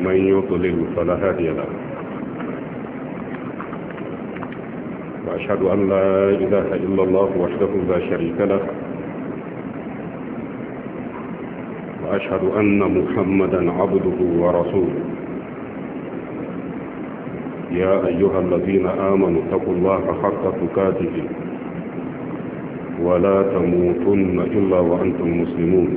ومن يضلل فلا هادي له وأشهد أن لا إله إلا الله وحده لا شريك له وأشهد أن محمدا عبده ورسوله يا أيها الذين آمنوا اتقوا الله حق تكاته ولا تموتن إلا وأنتم مسلمون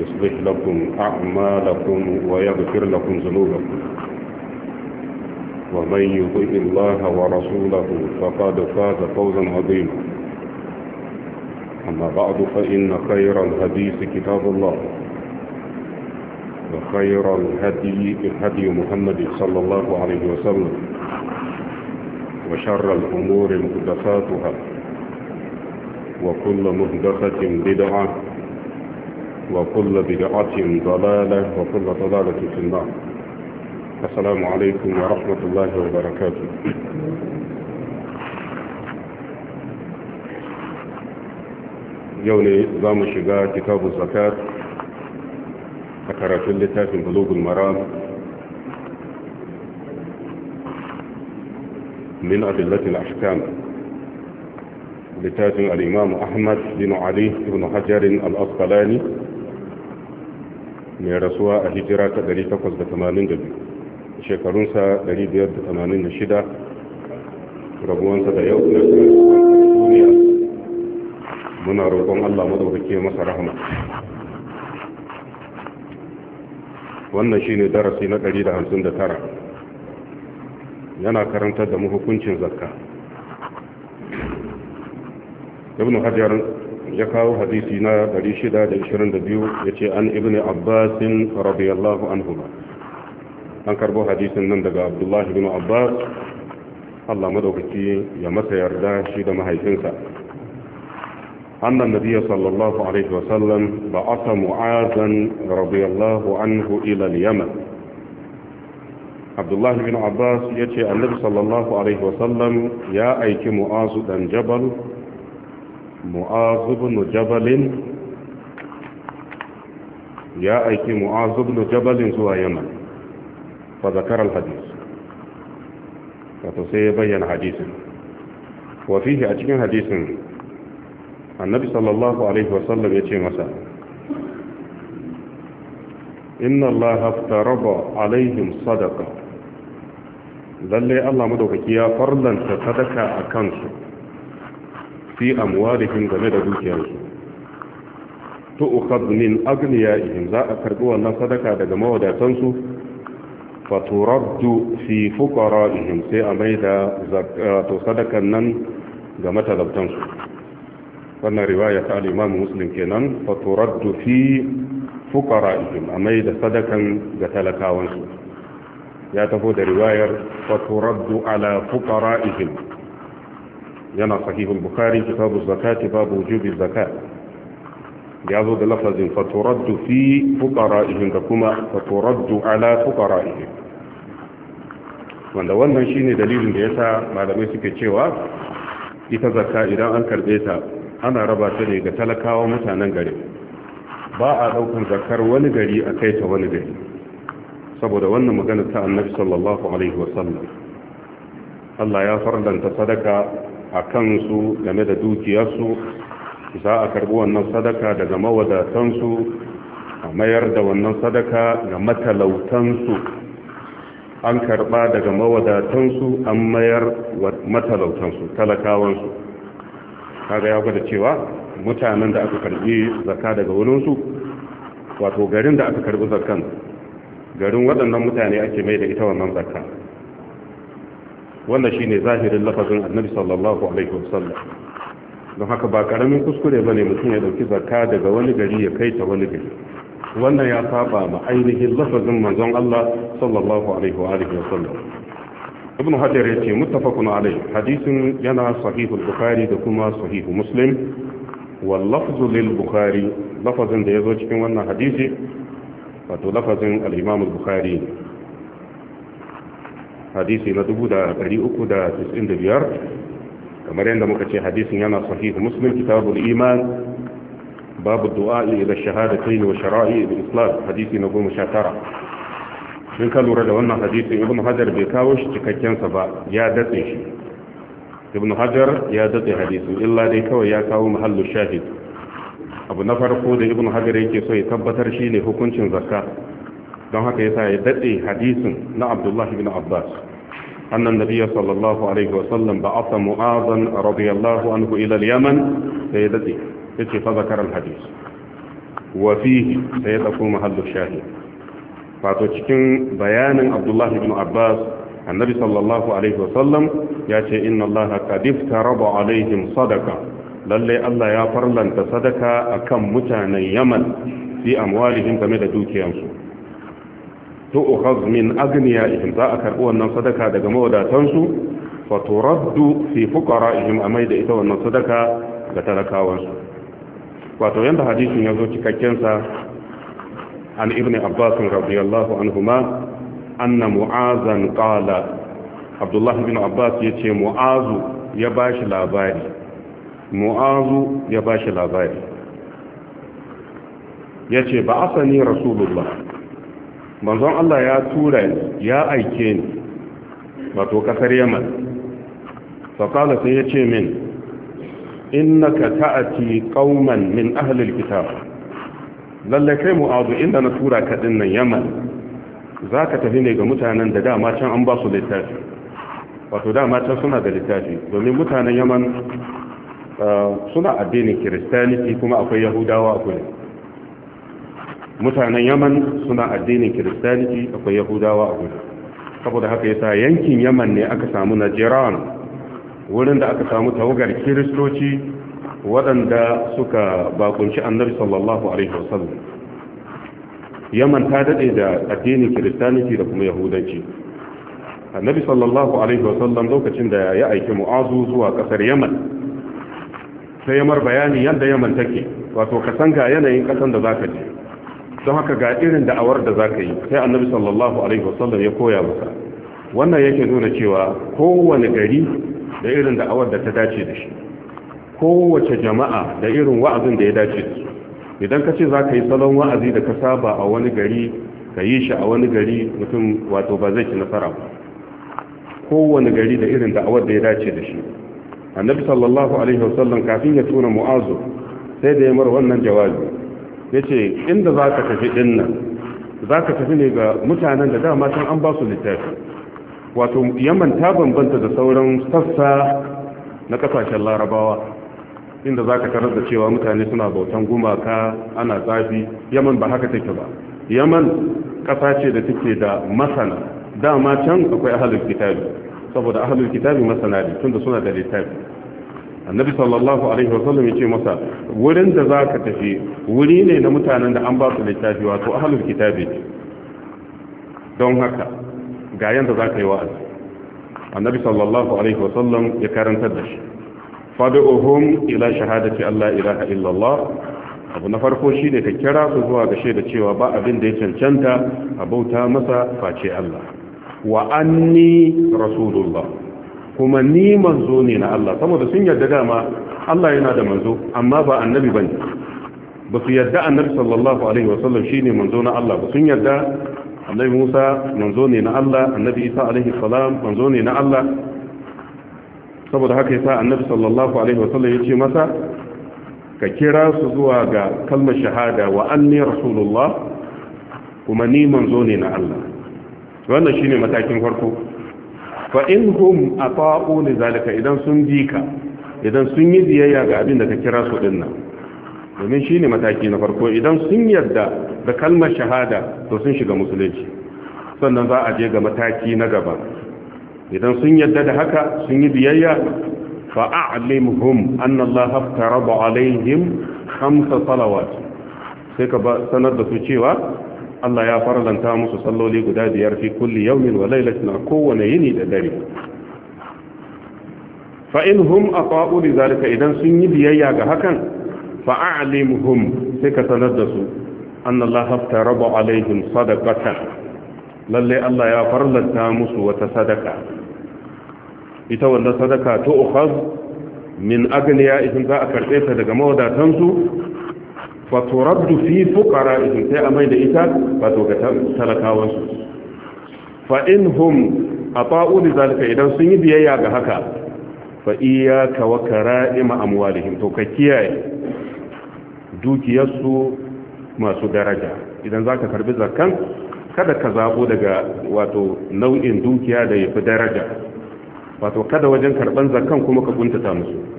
يصلح لكم أعمالكم ويغفر لكم ذنوبكم ومن يطيع الله ورسوله فقد فاز فوزا عظيما أما بعد فإن خير الحديث كتاب الله وخير الهدي هدي محمد صلى الله عليه وسلم وشر الأمور محدثاتها وكل محدثة بدعة وكل بدعة ضلالة وكل ضلالة في النار السلام عليكم ورحمة الله وبركاته يولي زام الشقاء كتاب الزكاة ذكرت اللي في بلوغ المرام من أدلة الأحكام لتاتي الإمام أحمد بن علي بن حجر الأصقلاني mai rasuwa a hijira ta 882 shekarunsa 586 rabuwansa da yau na duniya muna roƙon Allah madaukake masa rahama wannan shine darasi na 159 yana karantar da mu hukuncin zakka ibn hajjar ya kawo hadisi na 622 ya ce an ibn abbasin radiyallahu anhu an karbo hadisin nan daga abdullahi bin abbas Allah madaukaki ya masa yarda shi da mahaifinsa annan nabiya sallallahu alaihi wasallam ba a asa mu'azan radiyallahu anhu ila yaman abdullahi bin abbas ya ce annabi sallallahu alaihi wasallam ya aiki mu'azu dan jabal معاذ بن جبل يا ايكي معاذ بن جبل سوى يمن فذكر الحديث فتوسي بين حديث وفيه اجكن حديث النبي صلى الله عليه وسلم يتي مساء ان الله افترض عليهم صدقه للي الله مدوكي يا فرضا تصدق اكنسو fi amwalihim game da dukiyarsu to ukhad min aghniyaihim za a karbi wannan sadaka daga mawadatansu fa turaddu fi fuqara'ihim sai a da zakatu sadakan nan ga matalabtansu wannan riwaya ta al-Imam Muslim kenan fa turaddu fi fuqara'ihim a da sadakan ga talakawansu ya tafi da riwayar fa turaddu ala fuqara'ihim yana sahihul bukhari kitabu zakati babu wujubi zaka ya zo da lafazin faturaddu fi fuqara'ihim da kuma faturaddu ala fuqara'ihim wanda wannan shine dalilin da yasa malamai suke cewa ita zakka idan an karbe ta ana raba ta ne ga talakawa mutanen gari ba a daukan zakkar wani gari a kai ta wani gari saboda wannan magana ta annabi sallallahu alaihi wasallam Allah ya farlanta sadaka a kansu game da dukiyarsu za a karbi wannan sadaka daga mawadatansu a mayar da wannan sadaka ga matalautansu an karba daga mawadatansu an mayar matalautansu talakawansu kaga ya gwada cewa mutanen da aka karbi zaka daga wurinsu wato garin da aka karbi zakkan garin waɗannan mutane ake mai da ita wannan zakka wannan ne zahirin lafazin annabi sallallahu alaihi wasallam don haka ba karamin kuskure ba ne mutum ya ɗauki zakka daga wani gari ya kai ta wani gari wannan ya saba ma ainihin lafazin manzon Allah sallallahu alaihi wa alihi wasallam ibn hajar yace muttafaqun alai hadisin yana sahih al-bukhari da kuma sahih muslim wal lafzu lil bukhari lafazin da yazo cikin wannan hadisi wato lafazin al-imam al-bukhari hadisi na 395 kamar yadda muka ce hadisin yana sahih muslim kitabul iman babu du'a ila shahadatayn wa shara'i bil islam hadisi na 19 sun ka lura da wannan hadisin ibn hajar bai kawo shi cikakken sa ba ya datse shi ibn hajar ya datse hadisin illa dai kawai ya kawo mahallu shahid abu na farko da ibn hajar yake so ya tabbatar shi ne hukuncin zakka don haka yasa ya daɗe hadisin na Abdullahi bin Abbas annan nabiyyi sallallahu alaihi wasallam ba'atha mu'adhan radiyallahu anhu ila al-yaman sai ya dade yace fa zakara al-hadis wa fihi sai ya dauko mahallu shahid Fato cikin bayanin Abdullahi bin Abbas annabi sallallahu alaihi wasallam ya ce inna allaha qad iftarada alaihim sadaka, lallai Allah ya farlanta sadaka akan mutanen Yaman fi amwalihim game da dukiyansu tu'khadh min aghniya'ihim za a karbi wannan sadaka daga mawadatansu fa turaddu fi fuqara'ihim amai da ita wannan sadaka ga talakawansu wato yanda hadisin yazo cikakken sa an ibn abbas radiyallahu anhuma anna mu'azan qala abdullah ibn abbas yace mu'azu ya bashi labari mu'azu ya bashi labari yace ba asani rasulullah manzon Allah ya tura ni ya aike ni wato kasar yaman faƙala sai ya ce min innaka ta'ati qauman min ahli alkitab lalle kai mu'azu inda na tura ka nan yaman zaka tafi ne ga mutanen da dama can an ba su littafi wato dama can suna da littafi domin mutanen yaman ah, suna addinin kiristaniti kuma akwai yahudawa akwai mutanen yaman suna addinin kiristaniki akwai yahudawa a gudu saboda haka ya sa yankin yaman ne aka samu na najiran wurin da aka samu tawagar kiristoci waɗanda suka bakunci annabi sallallahu alaihi wasallam yaman ta daɗe da addinin kiristaniki da kuma yahudanci annabi sallallahu alaihi wasallam lokacin da ya aiki mu'azu zuwa ƙasar yaman sai ya yamar bayani yadda yaman take wato ka san ga yanayin ƙasan da za ka je don haka ga irin da'awar da za ka yi sai annabi sallallahu alaihi wasallam ya koya masa wannan yake nuna cewa kowane gari da irin da'awar da ta dace da shi kowace jama'a da irin wa'azin da ya dace da su idan ka ce za ka yi salon wa'azi da ka saba a wani gari ka yi shi a wani gari mutum wato ba zai ci nasara ba kowane gari da irin da'awar da ya dace da shi annabi sallallahu alaihi wasallam kafin ya tura mu'azu sai da ya mar wannan jawabi ya ce inda za ka tafi dinnan nan za ka tafi ne ga mutanen da dama can an ba su littafi wato yaman ta bambanta da sauran sassa na kasashen larabawa inda za ka tarar da cewa mutane suna bautan gumaka ana zafi yaman ba haka take ba yaman kasa ce da take da masana dama can akwai ahalin kitabi saboda ahalin kitabi masana ne tunda suna da littafi annabi sallallahu alaihi wasallam ya ce masa wurin da za ka tafi wuri ne na mutanen da an ba su littafi wato ahalul kitabi don haka ga yanda za ka yi wa'azi annabi sallallahu alaihi wasallam ya karantar da shi fad'uhum ila shahadati alla ilaha illallah abu na farko shi ne ka kira su zuwa ga da cewa ba abin da ya cancanta a bauta masa face Allah wa anni rasulullah kuma ni manzo ne na Allah saboda sun yarda dama Allah yana da manzo amma ba annabi bane ba su yarda annabi sallallahu alaihi wasallam shine manzo na Allah ba sun yarda annabi Musa manzo ne na Allah annabi Isa alaihi salam manzo ne na Allah saboda haka yasa annabi sallallahu alaihi wasallam yace masa ka kira su zuwa ga kalmar shahada wa anni rasulullah kuma ni manzo ne na Allah wannan shine matakin farko fa in hum fao ne zalika idan sun ji ka idan sun yi biyayya ga abin da ka kira su din nan domin shine mataki na farko idan sun yarda da kalmar shahada to sun shiga musulunci sannan za a je ga mataki na gaba idan sun yarda da haka sun yi biyayya fa hum anna Allah raba alaihim khamsa salawat sai ka sanar da su cewa Allah ya faralanta musu salloli guda biyar fi kulli yawmin wa lailatin a kowane yini da dare fa in hum ata'u li zalika idan sun yi biyayya ga hakan fa a'limhum sai ka sanar da su anna Allah haftaraba alaihim sadaqatan lalle Allah ya faralanta musu wata sadaka ita wannan sadaka to ukhaz min agniya idan za a karbe ta daga mawadatansu fa turaddu fi fuqara idan sai amai da ita wato ga talakawan su fa inhum ata'u li zalika idan sun yi biyayya ga haka fa iyyaka wa kara'im amwalihim to ka kiyaye dukiyarsu masu daraja idan zaka karbi zakkan kada ka zaɓo daga wato nau'in dukiya da yafi daraja wato kada wajen karban zakkan kuma ka kuntata musu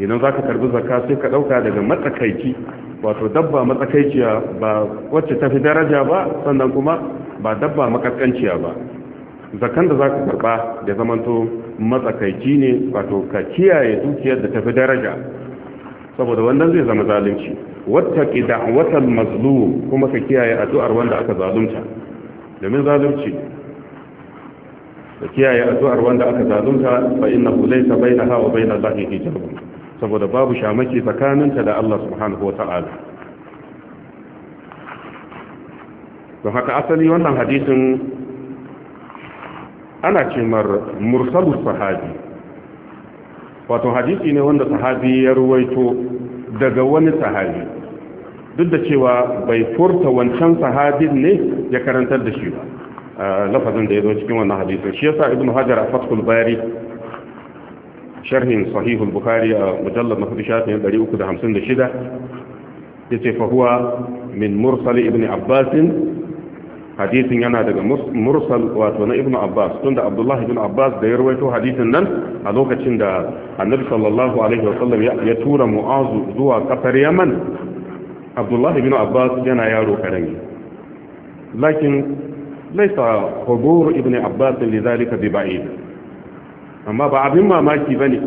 idan za ka karbi zakka sai ka ɗauka daga matsakaici wato dabba matsakaiciya ba wacce ta fi daraja ba sannan kuma ba dabba makaskanciya ba zakan da za ka karba da zamanto matsakaici ne wato ka kiyaye dukiyar da ta fi daraja saboda wannan zai zama zalunci wata ƙida wata mazlu kuma ka kiyaye addu'ar wanda aka zalunta domin zalunci ka kiyaye addu'ar wanda aka zalunta fa innahu laysa bainaha wa bainal lahi hijabun saboda babu shamaki tsakaninta da Allah subhanahu wa ta'ala don haka asali wannan hadisin ana cimar mursalus sahabi wato hadisi ne wanda sahabi ya ruwaito daga wani sahabi duk da cewa bai furta wancan sahabin ne ya karantar da shi ba lafazin da ya zo cikin wannan hadisin shi yasa ibnu hajar a fatul bari شرح صحيح البخاري مجلد مفتشات من دريء كده حمسين دشدة فهو من مرسل ابن عباس حديث ينا دقى مرسل واتونا ابن عباس تند عبد الله ابن عباس دا يرويتو حديث النن علوكة تند النبي صلى الله عليه وسلم يتور معاذ ذو قطر يمن عبد الله ابن عباس ينا يارو كرنجي لكن ليس حضور ابن عباس لذلك ببعيد amma ba abin mamaki ba ne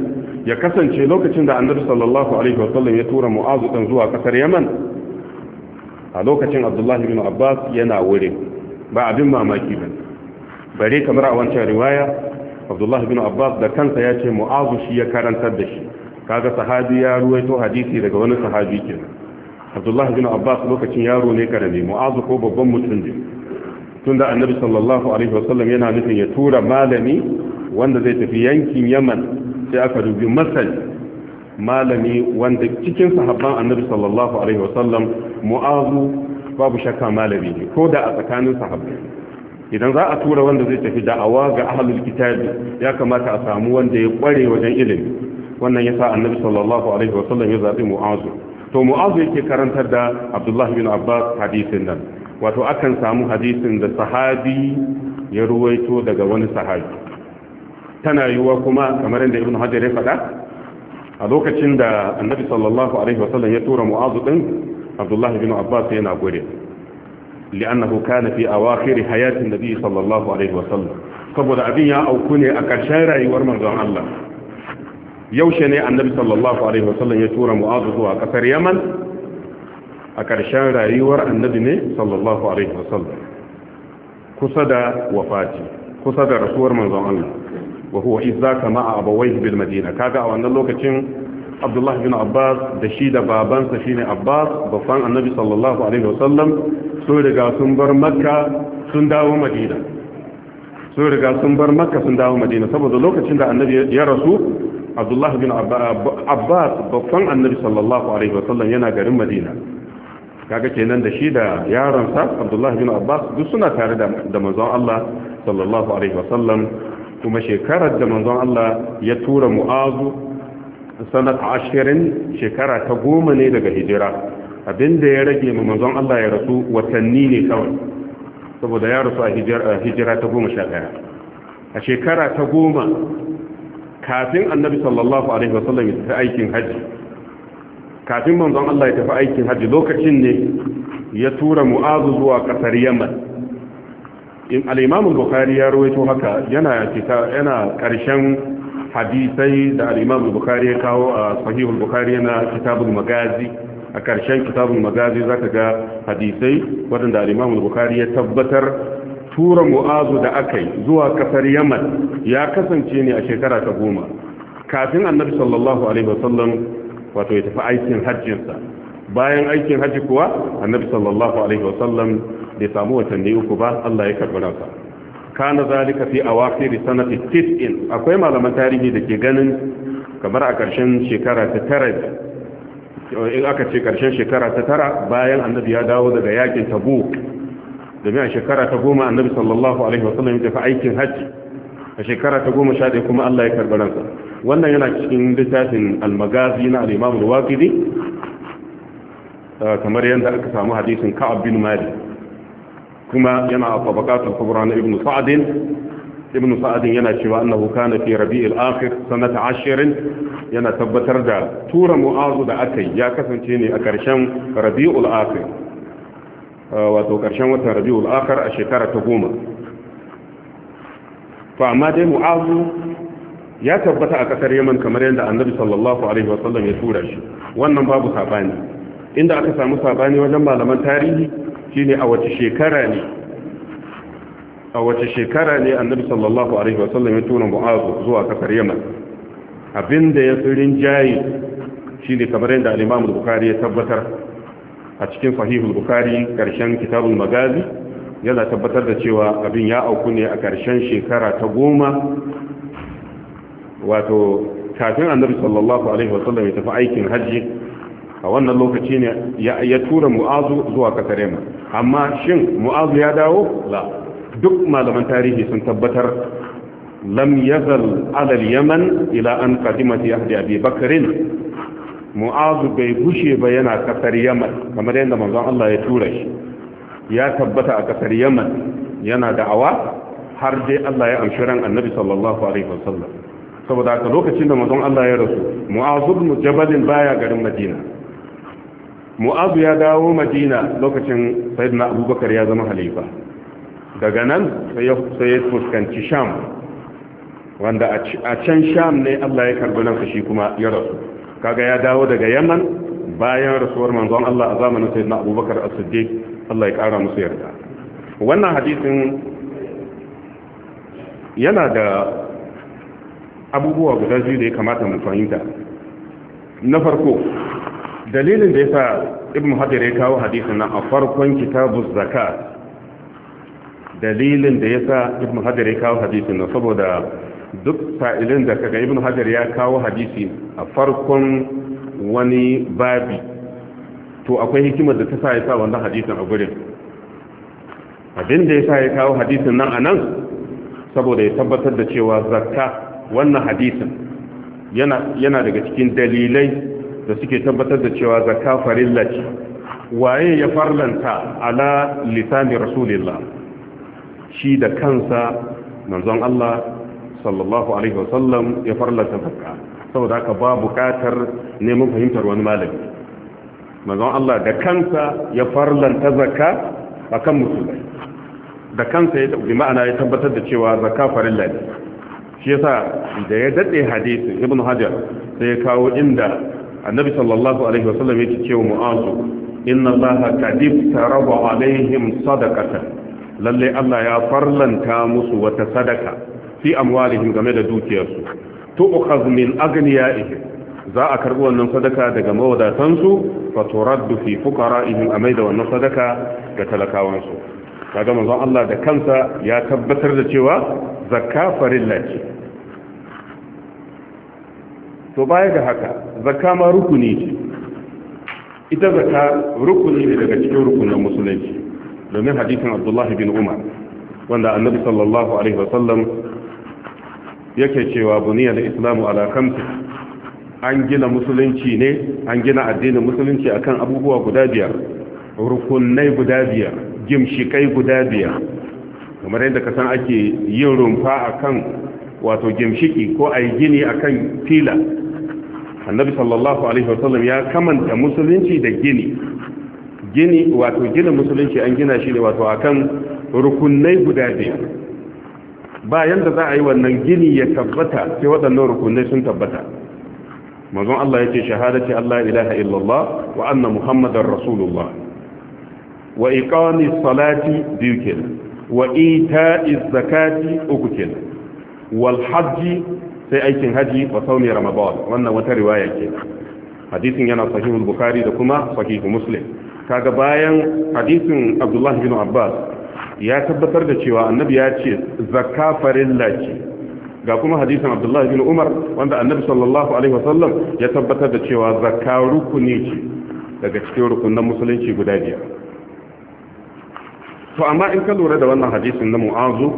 ya kasance lokacin da annabi sallallahu alaihi wasallam ya tura mu'azu ɗan zuwa ƙasar yaman a lokacin abdullahi bin abbas yana wurin ba abin mamaki ba bare kamar a wancan riwaya abdullahi bin abbas da kansa ya ce mu'azu shi ya karantar da shi kaga sahabi ya ruwaito hadisi daga wani sahabi ke. abdullahi bin abbas lokacin yaro ne karami mu'azu ko babban mutum ne tunda annabi sallallahu alaihi wasallam yana nufin ya tura malami wanda zai tafi yankin yaman sai aka dubi masal malami wanda cikin sahabban annabi sallallahu alaihi wasallam mu'azu babu shakka malami ne ko da a tsakanin sahabbai idan za a tura wanda zai tafi da'awa ga ahlul kitabi ya kamata a samu wanda ya kware wajen ilimi wannan yasa annabi sallallahu alaihi wasallam ya zabi mu'azu to mu'azu yake karantar da abdullahi bin abbas hadisin nan wato akan samu hadisin da sahabi ya ruwaito daga wani sahabi tana yiwuwa kuma kamar yadda ibn hajar ya faɗa a lokacin da annabi sallallahu alaihi wasallam ya tura mu'azu din abdullahi bin abbas yana gode li'annahu kana fi awakhir hayatin nabi sallallahu alaihi wasallam saboda abin ya auku ne a ƙarshen rayuwar manzon Allah yaushe ne annabi sallallahu alaihi wasallam ya tura mu'azu zuwa ƙasar yaman a ƙarshen rayuwar annabi ne sallallahu alaihi wasallam kusa da wafati kusa da rasuwar manzon Allah wa huwa izzaka ma'a abawayhi bil madina kaga a wannan lokacin Abdullah bin Abbas da shi da babansa shine Abbas babban annabi sallallahu alaihi wasallam sun riga sun bar Makka sun dawo Madina sun riga sun bar Makka sun dawo Madina saboda lokacin da annabi ya rasu Abdullah bin Abbas babban sallallahu yana garin Madina kaga kenan da shi da yaransa Abdullah bin Abbas duk suna tare da manzon Allah sallallahu alaihi wasallam kuma shekarar da manzon Allah ya tura mu'azu sanat ashirin shekara ta goma ne daga hijira abinda ya rage ma manzon Allah ya rasu watanni ne kawai saboda ya rasu a hijira ta goma sha ɗaya a shekara ta goma kafin annabi sallallahu alaihi wasallam ya tafi aikin hajji kafin manzon Allah ya tafi aikin hajji lokacin ne ya tura mu'azu zuwa ƙasar yaman in al bukhari ya rawaito haka yana ƙarshen hadisai da al-imam bukhari ya kawo a sahihul bukhari yana kitabun magazi a karshen kitabul magazi zaka ga hadisai wadanda al-imam bukhari ya tabbatar turan mu'azu da akai zuwa kasar yaman ya kasance ne a shekara ta goma kafin annabi sallallahu alaihi wasallam wato ya tafi aikin hajjinsa bayan aikin hajji kuwa annabi sallallahu alaihi wasallam bai samu watanni uku ba Allah ya karɓi ransa kana zalika fi awakhir sanati tis'in akwai malaman tarihi da ke ganin kamar a ƙarshen shekara ta tara in aka ce ƙarshen shekara ta tara bayan annabi ya dawo daga yakin tabu da a shekara ta goma annabi sallallahu alaihi wasallam ya tafi aikin hajji a shekara ta goma sha ɗaya kuma Allah ya karɓi ransa wannan yana cikin littafin al-magazi na al-imam al-waqidi kamar yadda aka samu hadisin ka'ab bin malik kuma yana a tabaqatul kubra na ibnu sa'd ibnu sa'd yana cewa annahu kana fi rabi'il akhir sanata ashirin. yana tabbatar da tura mu'azu da akai ya kasance ne a ƙarshen rabi'ul akhir wato ƙarshen watan rabi'ul akhir a shekara ta goma fa amma dai mu'azu ya tabbata a kasar yaman kamar yadda annabi sallallahu alaihi wa sallam ya tura shi wannan babu sabani inda aka samu sabani wajen malaman tarihi shine a wace shekara ne a wace shekara ne annabi sallallahu alaihi wasallam ya tura mu'azu zuwa kasar yaman abinda ya tsirin jayi shine kamar yadda al-imam ya tabbatar a cikin sahihul bukhari karshen kitabun magazi yana tabbatar da cewa abin ya auku ne a karshen shekara ta goma wato kafin annabi sallallahu alaihi wasallam ya tafi aikin hajji a wannan lokaci ne ya tura mu'azu zuwa kasar yamma amma shin mu'azu ya dawo la duk malaman tarihi sun tabbatar lam yazal alal yaman ila an qadimat yahdi abi bakrin mu'azu bai gushe ba yana kasar yaman kamar yadda manzon Allah ya tura shi ya tabbata a kasar yaman yana da'awa har dai Allah ya amshi ran annabi sallallahu alaihi wasallam saboda haka lokacin da manzon Allah ya rasu muazu ibn jabal baya garin Madina mu'azu ya dawo madina lokacin sayyidina abubakar ya zama halifa daga nan sai ya fuskanci sham wanda a can sham ne allah ya karbi nan shi kuma ya rasu kaga ya dawo daga yaman bayan rasuwar manzon allah a zamanin sayyidina abubakar as-siddiq allah ya kara musu yarda wannan hadisin yana da abubuwa guda biyu da ya kamata mu fahimta na farko dalilin da yasa ibn hajar ya kawo hadisin nan a farkon kitabuz zakat dalilin da yasa ibn hajar ya kawo hadisin nan saboda duk fa’ilin da kaga ibn hajar ya kawo hadisi a farkon wani babi to akwai hikimar da ta sa ya sa wannan hadisin a gurin abin da ya sa ya kawo hadisin nan a nan saboda ya tabbatar da cewa zakka wannan hadisin yana daga cikin dalilai da suke tabbatar da cewa zakka farilla ce waye ya farlanta ala lisani rasulillah shi da kansa manzon Allah sallallahu alaihi wasallam ya farlanta zakka saboda haka ba bukatar neman fahimtar wani malami manzon Allah da kansa ya farlanta zakka akan musulmai da kansa ya bi ma'ana ya tabbatar da cewa zakka farilla ne shi yasa da ya dade hadisi ibn hajar sai ya kawo inda annabi sallallahu alaihi wasallam yake cewa mu'azu inna allaha qad iftaraba alaihim sadaqatan lalle Allah ya farlanta musu wata sadaka fi amwalihim game da dukiyarsu to ukhaz min aghniyaihim za a karbi wannan sadaka daga mawadatansu fa turaddu fi fuqara'ihim amai da wannan sadaka ga talakawansu kaga manzon Allah da kansa ya tabbatar da cewa zakka farilla ce to baya ga haka zakka ma rukuni ce ita zakka rukuni ne daga cikin rukunin musulunci domin hadisin abdullah bin umar wanda annabi sallallahu alaihi wasallam yake cewa buniya da islamu ala an gina musulunci ne an gina addinin musulunci akan abubuwa guda biyar rukunai guda biyar gimshikai guda biyar kamar yadda ka san ake yin rumfa akan wato gimshiki ko a yi gini akan fila annabi sallallahu alaihi wasallam ya kamanta musulunci da gini gini wato gina musulunci an gina shi ne wato akan rukunai guda biyar bayan da za a yi wannan gini ya tabbata sai waɗannan rukunai sun tabbata manzon Allah yake shahadati Allah ilaha illallah wa anna muhammadar rasulullah wa iqamis salati biyu kenan wa ita'iz zakati uku kenan wal hajji sai aikin haji wa sauni ramadan wannan wata riwaya ke hadisin yana sahihul bukhari da kuma sahihu muslim kaga bayan hadisin abdullahi bin abbas ya tabbatar da cewa annabi ya ce zakka ce ga kuma hadisin abdullahi bin umar wanda annabi sallallahu alaihi wasallam ya tabbatar da cewa zakka rukuni ce daga cikin rukunan musulunci guda biyar to amma in ka lura da wannan hadisin na mu'azu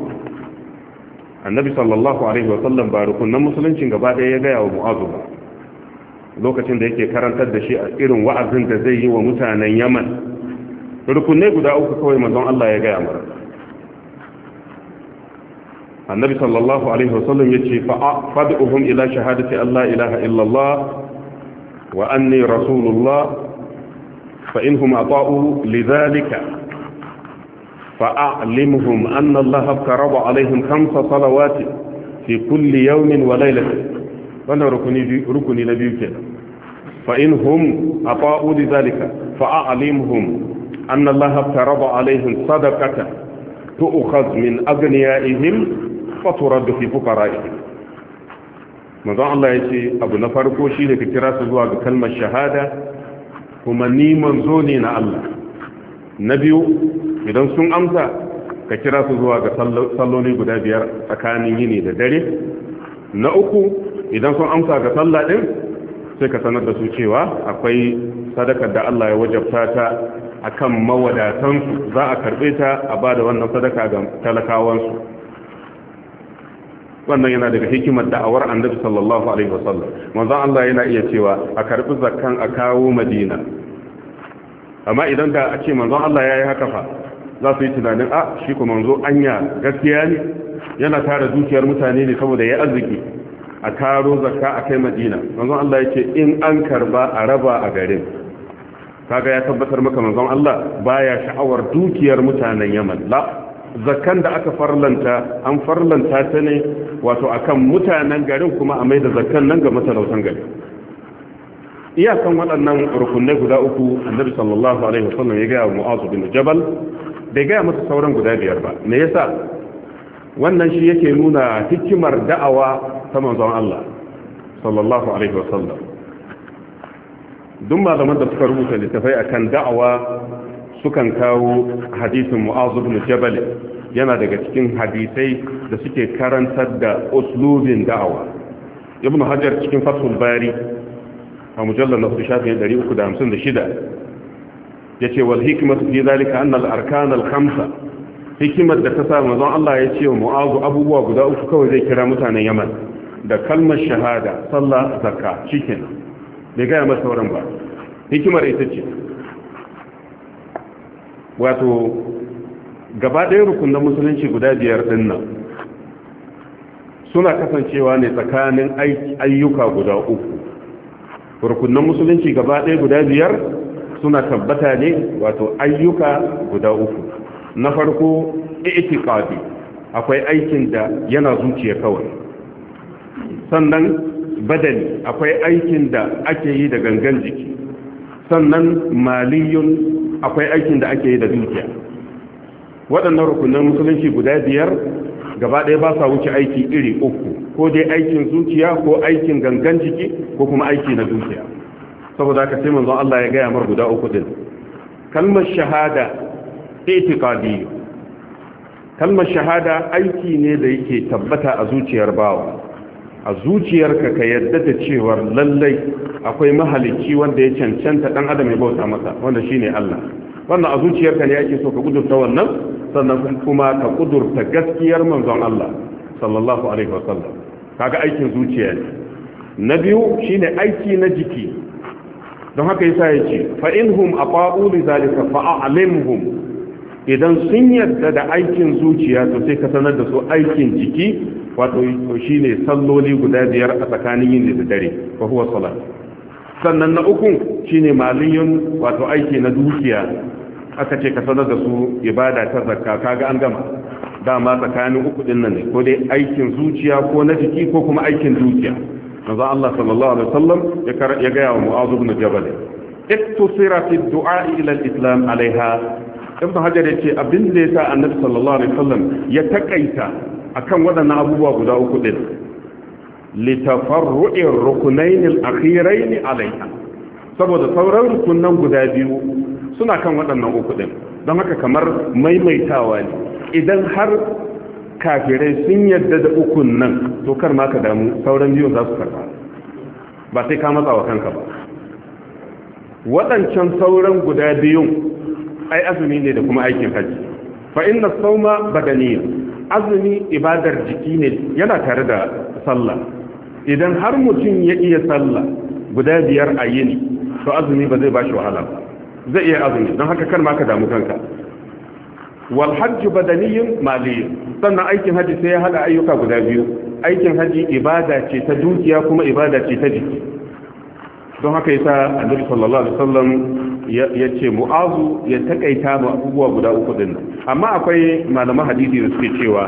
annabi sallallahu alaihi wa sallam ba rukunan musuluncin gaba ɗaya ya gaya wa mu'azu ba lokacin da yake karantar da shi a irin wa'azin da zai yi wa mutanen yaman rukunai guda uku kawai manzon Allah ya gaya mara annabi sallallahu alaihi wa sallam ya ce fa'aduhum ila shahadati Allah ilaha illallah wa anni rasulullah fa inhum ata'u lidhalika فأعلمهم أن الله افترض عليهم خمس صلوات في كل يوم وليلة وانا ركني, ركني نبيك فإنهم أطاؤوا لذلك فأعلمهم أن الله افترض عليهم صدقة تؤخذ من أغنيائهم فترد في فقرائهم manzon Allah ya ce abu na farko shi ne ka kira su zuwa ga kalmar shahada kuma ni manzo ne na Allah na biyu idan sun amsa ka kira su zuwa ga salloli guda biyar tsakanin yini da dare na uku idan sun amsa ga sallah ɗin sai ka sanar da su cewa akwai sadakar da Allah ya wajabta ta akan mawadatansu za a karbe ta a bada wannan sadaka ga talakawansu wannan yana daga hikimar da'awar annabi sallallahu alaihi wasallam manzon Allah yana iya cewa a karbi zakkan a kawo madina amma idan da a ce manzon Allah yayi haka fa za su yi tunanin a ah, shi kuma an anya gaskiya ne yana tara dukiyar mutane ne saboda ya arziki a taro zakka a kai madina manzon Allah ya ce in an karba a raba a garin kaga ya tabbatar maka manzon Allah baya sha'awar dukiyar mutanen Yaman la zakkan da aka farlanta an farlanta ta ne wato akan mutanen garin kuma a maida zakkan nan ga matalautan gari iyakan waɗannan rukunai guda uku annabi sallallahu alaihi wasallam ya ga Mu'az bin Jabal bai gaya musu sauran guda biyar ba me yasa wannan shi yake nuna hikimar da'awa ta manzon Allah sallallahu alaihi wasallam duk malaman da suka rubuta littafai akan da'awa sukan kawo hadisin mu'azu ibn jabal yana daga cikin hadisai da suke karantar da uslubin da'awa ibn hajar cikin fathul bari a mujallar na 356 yace wal hikmatu fi zalika anna al arkan al khamsa hikimar da ta sa manzon Allah ya ce wa mu'azu abubuwa guda uku kawai zai kira mutanen Yaman da kalmar shahada sallah zakka cikin bai ga masa wurin ba hikimar ita ce wato gaba ɗaya rukunan musulunci guda biyar din nan suna kasancewa ne tsakanin ayyuka guda uku rukunan musulunci gaba ɗaya guda biyar suna tabbata ne wato ayyuka guda uku na farko i'tiqadi akwai aikin da yana zuciya kawai sannan badani akwai aikin da ake yi da gangan jiki sannan maliyun akwai aikin da ake yi da dukiya waɗannan rukunan musulunci guda biyar gaba ɗaya ba sa wuce aiki iri uku ko dai aikin zuciya ko aikin gangan jiki ko kuma aiki na dukiya saboda haka sai manzon Allah ya gaya mar guda uku din kalmar shahada itiqadi kalmar shahada aiki ne da yake tabbata a zuciyar bawa a zuciyarka ka yadda da cewar lallai akwai mahalicci wanda ya cancanta dan adam ya bauta masa wanda shine Allah wannan a zuciyarka ne ake so ka kudurta wannan sannan kuma ka kudurta gaskiyar manzon Allah sallallahu alaihi wasallam kaga aikin zuciya ne na biyu shine aiki na jiki don haka yasa ya ce fa'inhum a fa'uli zalika fa'a'alimhum idan sun yadda da aikin zuciya to sai ka sanar da su aikin jiki wato shi ne salloli guda biyar a tsakanin yin da dare ba huwa salat sannan na uku shi ne maliyun wato aiki na dukiya aka ce ka sanar da su ibada ta zakka kaga an gama dama tsakanin uku din nan ne ko dai aikin zuciya ko na jiki ko kuma aikin dukiya manzo Allah sallallahu alaihi wasallam ya gaya wa Mu'adh ibn Jabal iktusira fi du'a ila al-islam alaiha ibn Hajar yace abin da yasa Annabi sallallahu alaihi wasallam ya takaita akan waɗannan abubuwa guda uku din litafarru'i ar-ruknayn al-akhirayn alaiha saboda sauran rukunan guda biyu suna kan waɗannan uku din don haka kamar maimaitawa ne idan har kafirai sun yadda da ukun nan to kar ma ka damu sauran biyun za su karba ba sai ka matsa wa kanka ba waɗancan sauran guda biyun ai azumi ne da kuma aikin haji fa inna sauma badani azumi ibadar jiki ne yana tare da sallah idan har mutum ya iya sallah guda biyar a yini to azumi ba zai ba shi wahala ba zai iya azumi don haka kar ma ka damu kanka wal hajju badaniyin maliyin sannan aikin haji sai ya hada ayyuka guda biyu aikin haji ibada ce ta dukiya kuma ibada ce ta jiki don haka yasa annabi sallallahu alaihi wasallam ya ce mu'azu ya takaita ma abubuwa guda uku din amma akwai malaman hadisi da suke cewa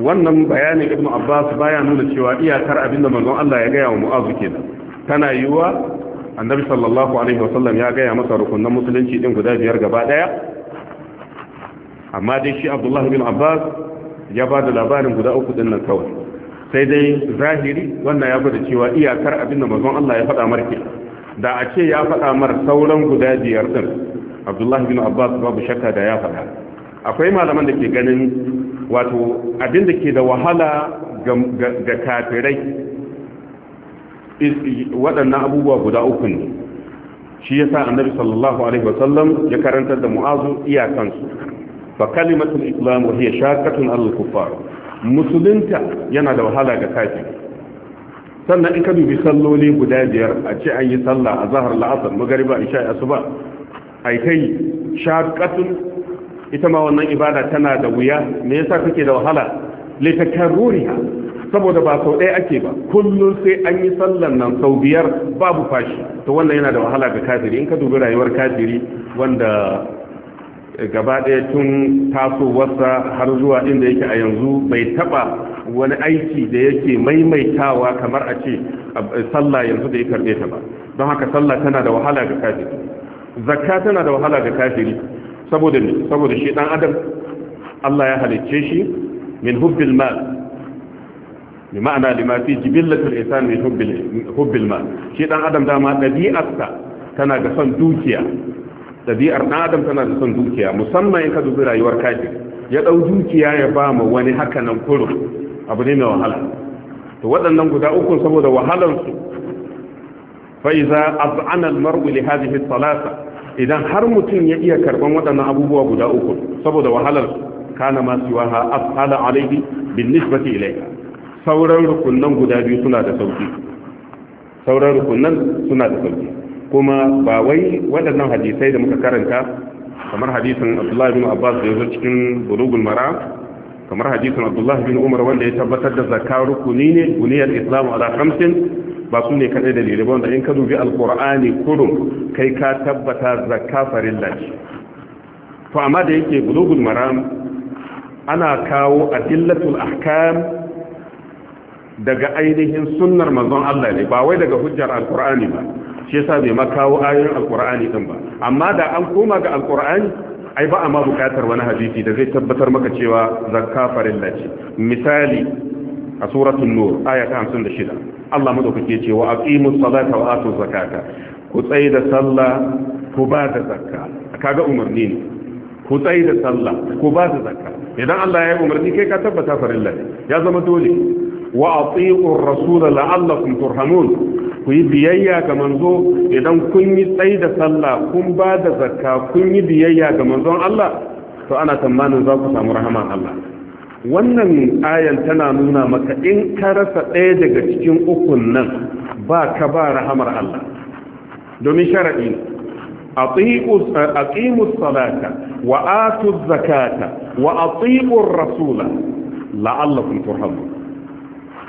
wannan bayanin ibnu abbas baya nuna cewa iyakar abinda manzon Allah ya gaya wa mu'azu kenan tana yiwa annabi sallallahu alaihi wasallam ya gaya masa rukunan musulunci din guda biyar gaba daya amma dai shi abdullahi bin abbas ya ba da labarin guda uku din nan kawai sai dai zahiri wannan ya bada cewa iyakar abin da mazan allah ya faɗa marke da a ce ya faɗa mar sauran guda biyar din abdullahi bin abbas babu shakka da ya faɗa akwai malaman da ke ganin wato abin da ke da wahala ga kafirai waɗannan abubuwa guda uku ne shi yasa annabi sallallahu alaihi wasallam ya karantar da mu'azu iyakansu fa kalimatul islam wa hiya shaqatun al musulunta yana da wahala ga kafiri sannan in ka dubi salloli guda biyar a ce an yi sallah a zahar la'asar magariba isha asuba ai kai shaqatun ita ma wannan ibada tana da wuya me yasa kake da wahala litakarruriha saboda ba sau ɗaya ake ba kullum sai an yi sallan nan sau biyar babu fashi to wannan yana da wahala ga kafiri in ka dubi rayuwar kafiri wanda gaba ɗaya tun tasowarsa har zuwa inda yake a yanzu bai taɓa wani aiki da yake maimaitawa kamar a ce sallah yanzu da ya karɓe ta ba don haka sallah tana da wahala ga kafiri zakka tana da wahala ga kafiri saboda ne saboda shi dan adam Allah ya halicce shi min hubbil mal bi ma'ana lima fi jibillatul insan min hubbil hubbil mal shi dan adam dama dabi'arsa tana ga son dukiya ɗabi'ar ɗan adam tana da son dukiya musamman in ka dubi rayuwar kafin ya ɗau dukiya ya ba ma wani haka nan kurum abu ne mai wahala to waɗannan guda uku saboda wahalansu fa'iza az'ana maru li hadhihi salasa idan har mutum ya iya karban waɗannan abubuwa guda uku saboda wahalar kana ma siwaha ashala alayhi bin nisbati ilayka sauran rukunnan guda biyu suna da sauki sauran rukunnan suna da sauki kuma ba wai waɗannan hadisai da muka karanta kamar hadisin abdullahi bin abbas da yanzu cikin bulugul mara kamar hadisin abdullahi bin umar wanda ya tabbatar da zakka rukuni ne buniyar islamu ala hamsin ba su ne kadai dalili ba wanda in ka dubi alqur'ani kurum kai ka tabbata zakka farilla ce to amma da yake bulugul maram ana kawo adillatul ahkam daga ainihin sunnar manzon Allah ne ba wai daga hujjar alqur'ani ba shi yasa bai ma ayoyin alqur'ani din ba amma da an koma ga alqur'ani ai ba a ma bukatar wani hadisi da zai tabbatar maka cewa zakka farilla ce misali a suratul nur aya ta 56 Allah madaukake ya ce wa aqimus salata wa atuz zakata ku tsaye da sallah ku ba da zakka kaga umarni ne ku tsaye da sallah ku ba da zakka idan Allah ya yi umarni kai ka tabbata farilla ne ya zama dole wa atiqur rasul la'allakum turhamun ku yi biyayya ga manzo idan kun yi tsayi da sallah kun ba da zakka kun yi biyayya ga manzon Allah to ana tsammanin za ku samu rahaman Allah wannan ayan tana nuna maka in ka rasa ɗaya daga cikin ukun nan ba ka ba rahamar Allah domin sharaɗi ne aqimu salata wa atu zakata wa atiqu rasula la'allakum turhamun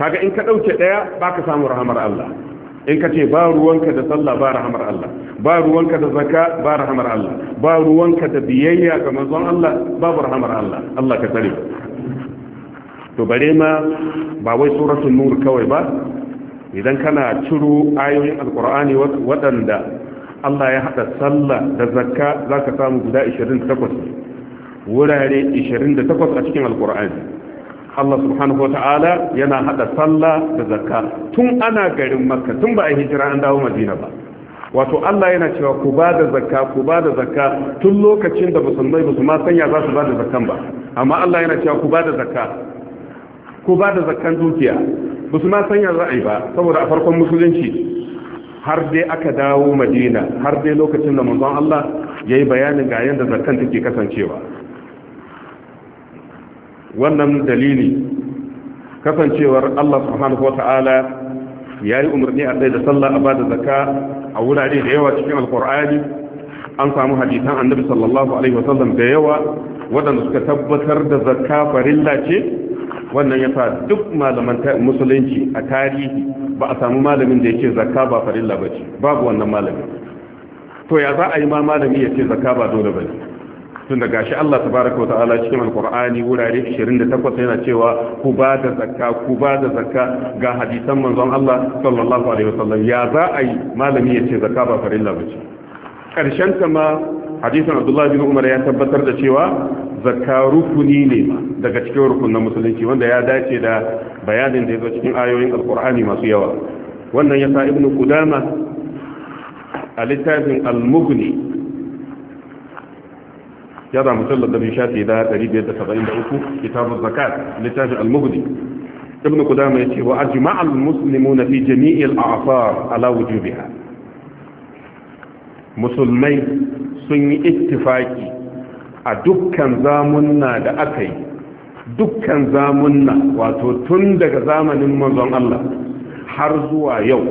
kaga in ka dauke daya baka samu rahamar Allah in ka ce ba ruwanka da sallah ba rahamar Allah ba ruwanka da zakka ba rahamar Allah ba ruwanka da biyayya ga manzon Allah babu rahamar Allah Allah ka tsare to bare ma ba wai suratul nur kawai ba idan kana ciro ayoyin alqur'ani waɗanda Allah ya hada sallah da zakka zaka samu guda 28 wurare 28 a cikin alqur'ani Allah subhanahu ta'ala yana hada sallah da zakka tun ana garin makka tun ba a hijira an dawo madina ba wato Allah yana cewa ku ba da zakka ku ba da zakka tun lokacin da musulmai ba su ma sanya za su ba da zakkan ba amma Allah yana cewa ku ba da zakka ku ba da zakkan dukiya ba su ma sanya za a yi ba saboda a farkon musulunci har dai aka dawo madina har dai lokacin da manzon Allah ya yi bayanin ga yadda zakkan take kasancewa wannan dalili kasancewar Allah subhanahu wata'ala ya yi umarni a tsaye da sallah a bada zaka a wurare da yawa cikin alkur'ani an samu hadisan annabi sallallahu alaihi da yawa waɗanda suka tabbatar da zakka farilla ce wannan ya sa duk malaman musulunci a tarihi ba a samu malamin da yake zakka ba farilla ba ce babu wannan malamin to ya za a yi ma malami ya ce zakka ba dole ba ne tun da gashi Allah tabaraka wa ta'ala cikin alqur'ani wurare 28 yana cewa ku ba da zakka ku ba da zakka ga hadisan manzon Allah sallallahu alaihi wasallam ya za a yi malami ya ce zakka ba farilla ce karshen ta ma hadisan Abdullah bin Umar ya tabbatar da cewa zakka rukuni ne daga cikin rukunin musulunci wanda ya dace da bayanin da ya zo cikin ayoyin alqur'ani masu yawa wannan ya sa ibnu qudama a littafin al-mughni yana musallar da shafi da uku, kitabun zakat littafi al-mughni ibn ya ce wa ajma'a al na fi jami'i al-a'sar ala wujubiha musulmai sun yi ittifaki a dukkan zamunna da aka yi dukkan zamunna wato tun daga zamanin manzon Allah har zuwa yau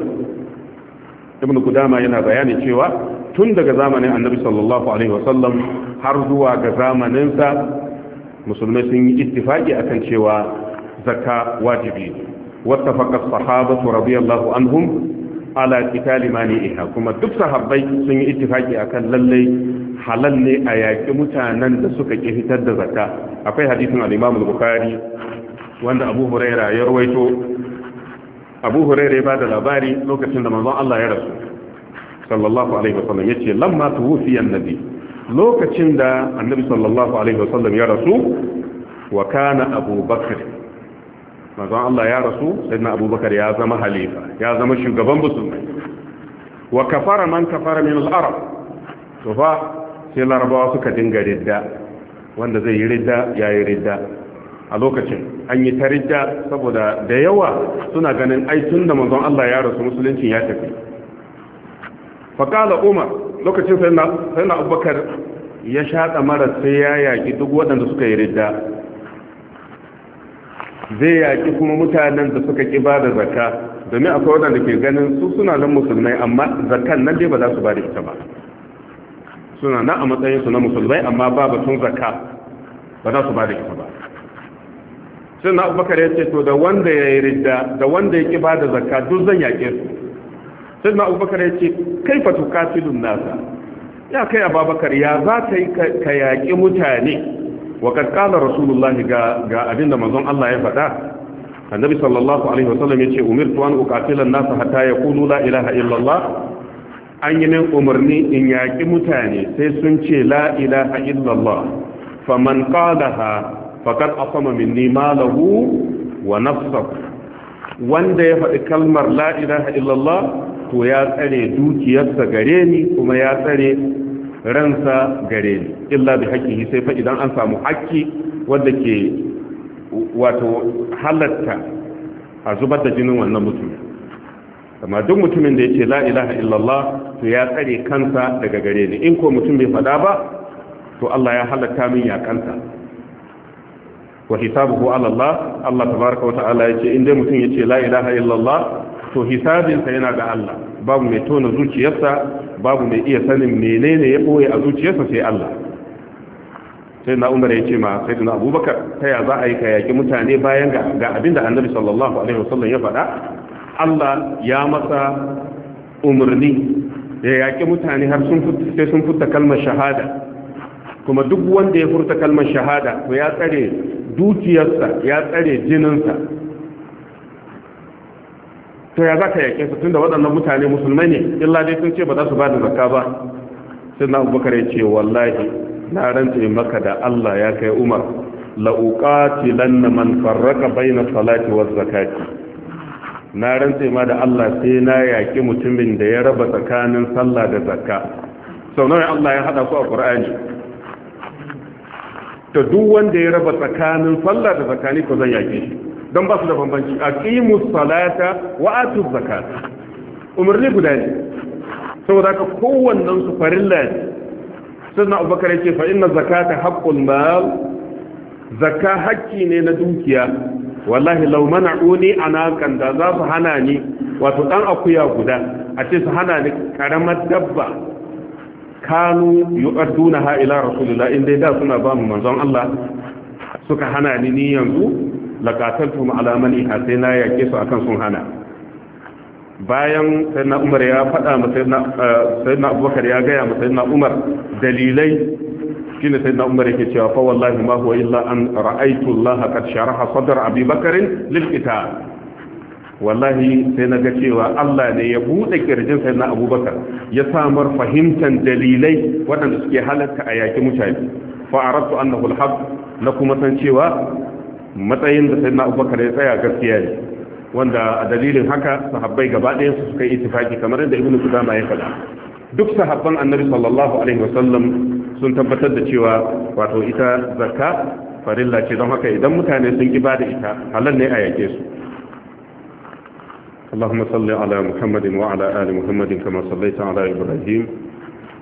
ibn qudama yana bayani cewa tun daga zamanin annabi sallallahu alaihi wasallam har zuwa ga zamaninsa musulmai sun yi ittifaki akan cewa zakka wajibi wattafaqa sahabatu radiyallahu anhum ala qitali mani'iha kuma duk sahabbai sun yi ittifaki akan lallai, halal ne a yaƙi mutanen da suka ki fitar da zakka akwai hadisin al-Imam wanda Abu Huraira ya rawaito Abu Huraira ya bada labari lokacin da manzon Allah ya rasu sallallahu alaihi wasallam yace lamma tuwfiya annabi lokacin da annabi sallallahu alaihi wasallam ya rasu wa kana abubakar mazan Allah ya rasu sai na abubakar ya zama halifa ya zama shugaban musulmai wa kafara man kafara min al-arab to fa sai larabawa suka dinga ridda wanda zai yi ridda yi ridda a lokacin an yi ta ridda saboda da yawa suna ganin ai tunda manzon Allah ya rasu musulunci ya tafi fa umar lokacin sai na abubakar ya shaɗa mara sai ya yaƙi duk waɗanda suka yi ridda zai yaƙi kuma mutanen da suka ƙi ba da zakka domin akwai waɗanda ke ganin su suna nan musulmai amma zakkan nan dai ba za su ba da ita ba suna nan a matsayinsu na musulmai amma ba batun zakka ba za su ba da ita ba sai na abubakar ya ce to da wanda ya yi ridda da wanda ya ƙi ba da zakka duk zan yaƙe su sai na abubakar ya ce kai tukatilun nasa ya kai ababakar ya za ka yi ka yaƙi mutane wa kakkala rasulullahi ga abin da manzon Allah ya faɗa annabi sallallahu alaihi wasallam ya ce umirtu an uqatilan nasa ya yaqulu la ilaha illallah an yi min umarni in yaƙi mutane sai sun ce la ilaha illallah faman qalaha faqad asama minni malahu wa nafsahu wanda ya faɗi kalmar la ilaha illallah to ya tsare dukiyarsa gare ni kuma ya tsare ransa gare ni illa bi haƙƙihi sai fa idan an samu haƙƙi wadda ke wato halatta a zubar da jinin wannan mutum. amma duk mutumin da ya ce la ilaha illallah to ya tsare kansa daga gare ni in ko mutum bai faɗa ba to Allah ya halatta min ya kanta wa hisabuhu ala Allah Allah tabaraka wa ta'ala yace in dai mutum yace la ilaha illallah to hisabinsa yana ga Allah babu mai tona zuciyarsa babu mai iya sanin menene ya boye a zuciyarsa sai Allah sai na umar ya ce ma sai na abubakar ta ya za a yi ka yaki mutane bayan ga abin da annabi sallallahu alaihi wasallam ya faɗa Allah ya masa umarni ya yaƙi mutane har sai sun furta kalmar shahada kuma duk wanda ya furta kalmar shahada to ya tsare dukiyarsa ya tsare jininsa to ya za ka yaƙe su tunda waɗannan mutane musulmai ne illa dai sun ce ba za su ba da zakka ba sai na abubakar ya ce wallahi na rantse maka da allah ya kai umar la'uƙatilan na man farraka na salati wa zakati na rantse ma da allah sai na yaƙi mutumin da ya raba tsakanin sallah da zakka sau nawa allah ya haɗa ku a ƙur'ani to duk wanda ya raba tsakanin sallah da zakani ko zan yaƙi? shi don ba su da bambanci aqimu salata wa atu zakat umarni guda ne saboda ka kowannen su farilla ne sannan abubakar yake fa inna zakata haqqul mal zakka hakki ne na dukiya wallahi law a anakan da za su hana ni wato ɗan akuya guda a ce su hana ni karamar dabba kanu yu'adduna ha ila rasulillah inda da suna ba mu manzon Allah suka hana ni ni yanzu laqataltum ala man sai na yake su akan sun hana bayan sayyidina Umar ya faɗa ma eh, sayyidina Abubakar ya gaya ma sayyidina Umar dalilai shine sayyidina Umar yake cewa fa wallahi ma huwa illa an ra'aytu Allah qad sharaha sadra Abi Bakr lil qital wallahi sai na ga cewa Allah ne ya bude kirjin sai na abubakar ya samar fahimtar dalilai waɗanda suke halatta a yaƙi mutane fa'aratu annahu alhaq na kuma san cewa matsayin da sayyidina abubakar ya tsaya gaskiya ne wanda a dalilin haka sahabbai gaba ɗaya su kai yi ittifaki kamar yadda ibnu qudama ya faɗa duk sahabban annabi sallallahu alaihi wasallam sun tabbatar da cewa wato ita zakka farilla ce don haka idan mutane sun ki bada ita halal ne a yake su اللهم صل على محمد وعلى آل محمد كما صليت على إبراهيم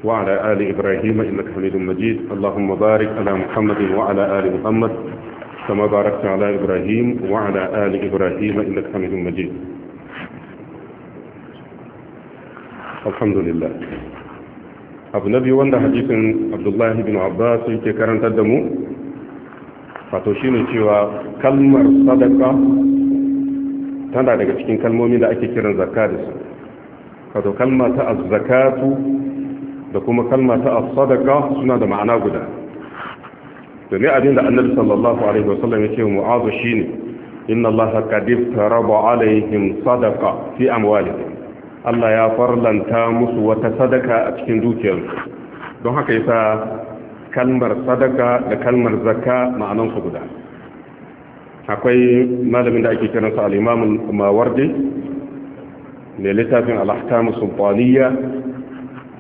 وعلى آل إبراهيم إنك حميد مجيد اللهم بارك على محمد وعلى آل محمد كما باركت على إبراهيم وعلى آل إبراهيم إنك حميد مجيد الحمد لله abu na wanda hadisin abdullahi bin abbas yake karantar da mu wato shine cewa kalmar sadaka tana daga cikin kalmomi da ake kiran zakka da wato kalma ta az-zakatu da kuma kalma ta as suna da ma'ana guda domin abinda annabi sallallahu alaihi wasallam ya ce mu'azu shine inna allaha qad iftaraba alaihim sadaqa fi amwalihim Allah ya farlanta musu wata sadaka a cikin dukiyarsu don haka yasa kalmar sadaka da kalmar zakka ma'anan su guda akwai malamin da ake kiransa al-imam al-mawardi ne littafin al-ahkam sultaniya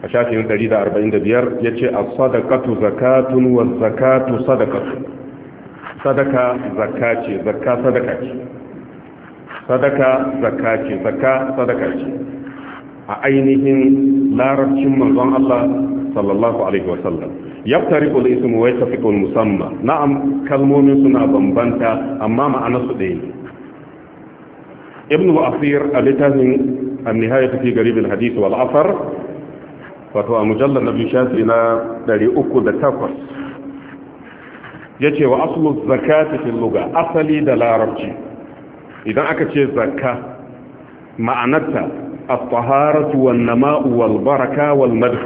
a shafin 145 ya ce a sadakatu zakatun wa zakatu sadakatu sadaka zakka ce zakka sadaka ce sadaka zakka ce zakka sadaka ce a ainihin larabcin manzon Allah sallallahu alaihi wa wasallam yaftariqu al-ismu wa yattafiqu al-musamma na'am kalmomin suna bambanta amma ma'anar su ɗaya ibnu asir a littafin an-nihayatu fi garib al-hadith wal-athar wato a mujallar na biyu shafi na 308 ya ce wa asulun zaka cikin luga asali da larabci idan aka ce zaka ma'anarta a faharatu wan nama'u wal baraka wal madh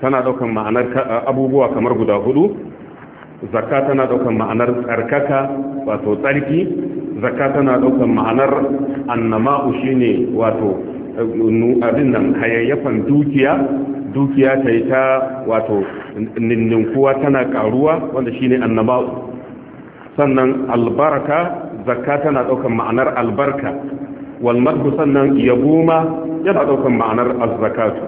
tana daukan ma'anar abubuwa kamar guda hudu zakka tana daukan ma'anar tsarkaka wato tsarki zakka tana daukan ma'anar annama'u shine wato abin nan hayayyafan dukiya dukiya ta yi ta wato ninninkuwa tana karuwa wanda shine annaba sannan albarka zakka tana daukan ma'anar albarka wal madhu sannan yabuma yana daukan ma'anar azzakatu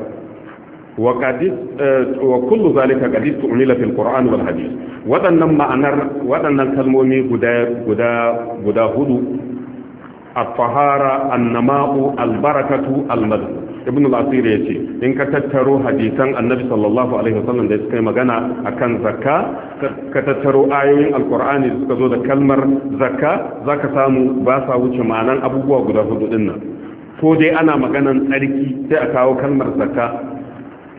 wa qadis eh, wa kullu zalika qadis tu'mila fil qur'an wal hadith wadannan ma'anar wadannan kalmomi guda guda guda hudu at fahara an-nama'u al-barakatu al-madu ibn al-asir yace in ka tattaro hadisan annabi sallallahu alaihi wasallam da suka yi magana akan zakka ka tattaro ayoyin al alqur'ani da suka zo da kalmar zakka zaka samu ba sa wuce ma'anan abubuwa guda hudu din nan ko dai ana maganan tsarki sai a kawo kalmar zakka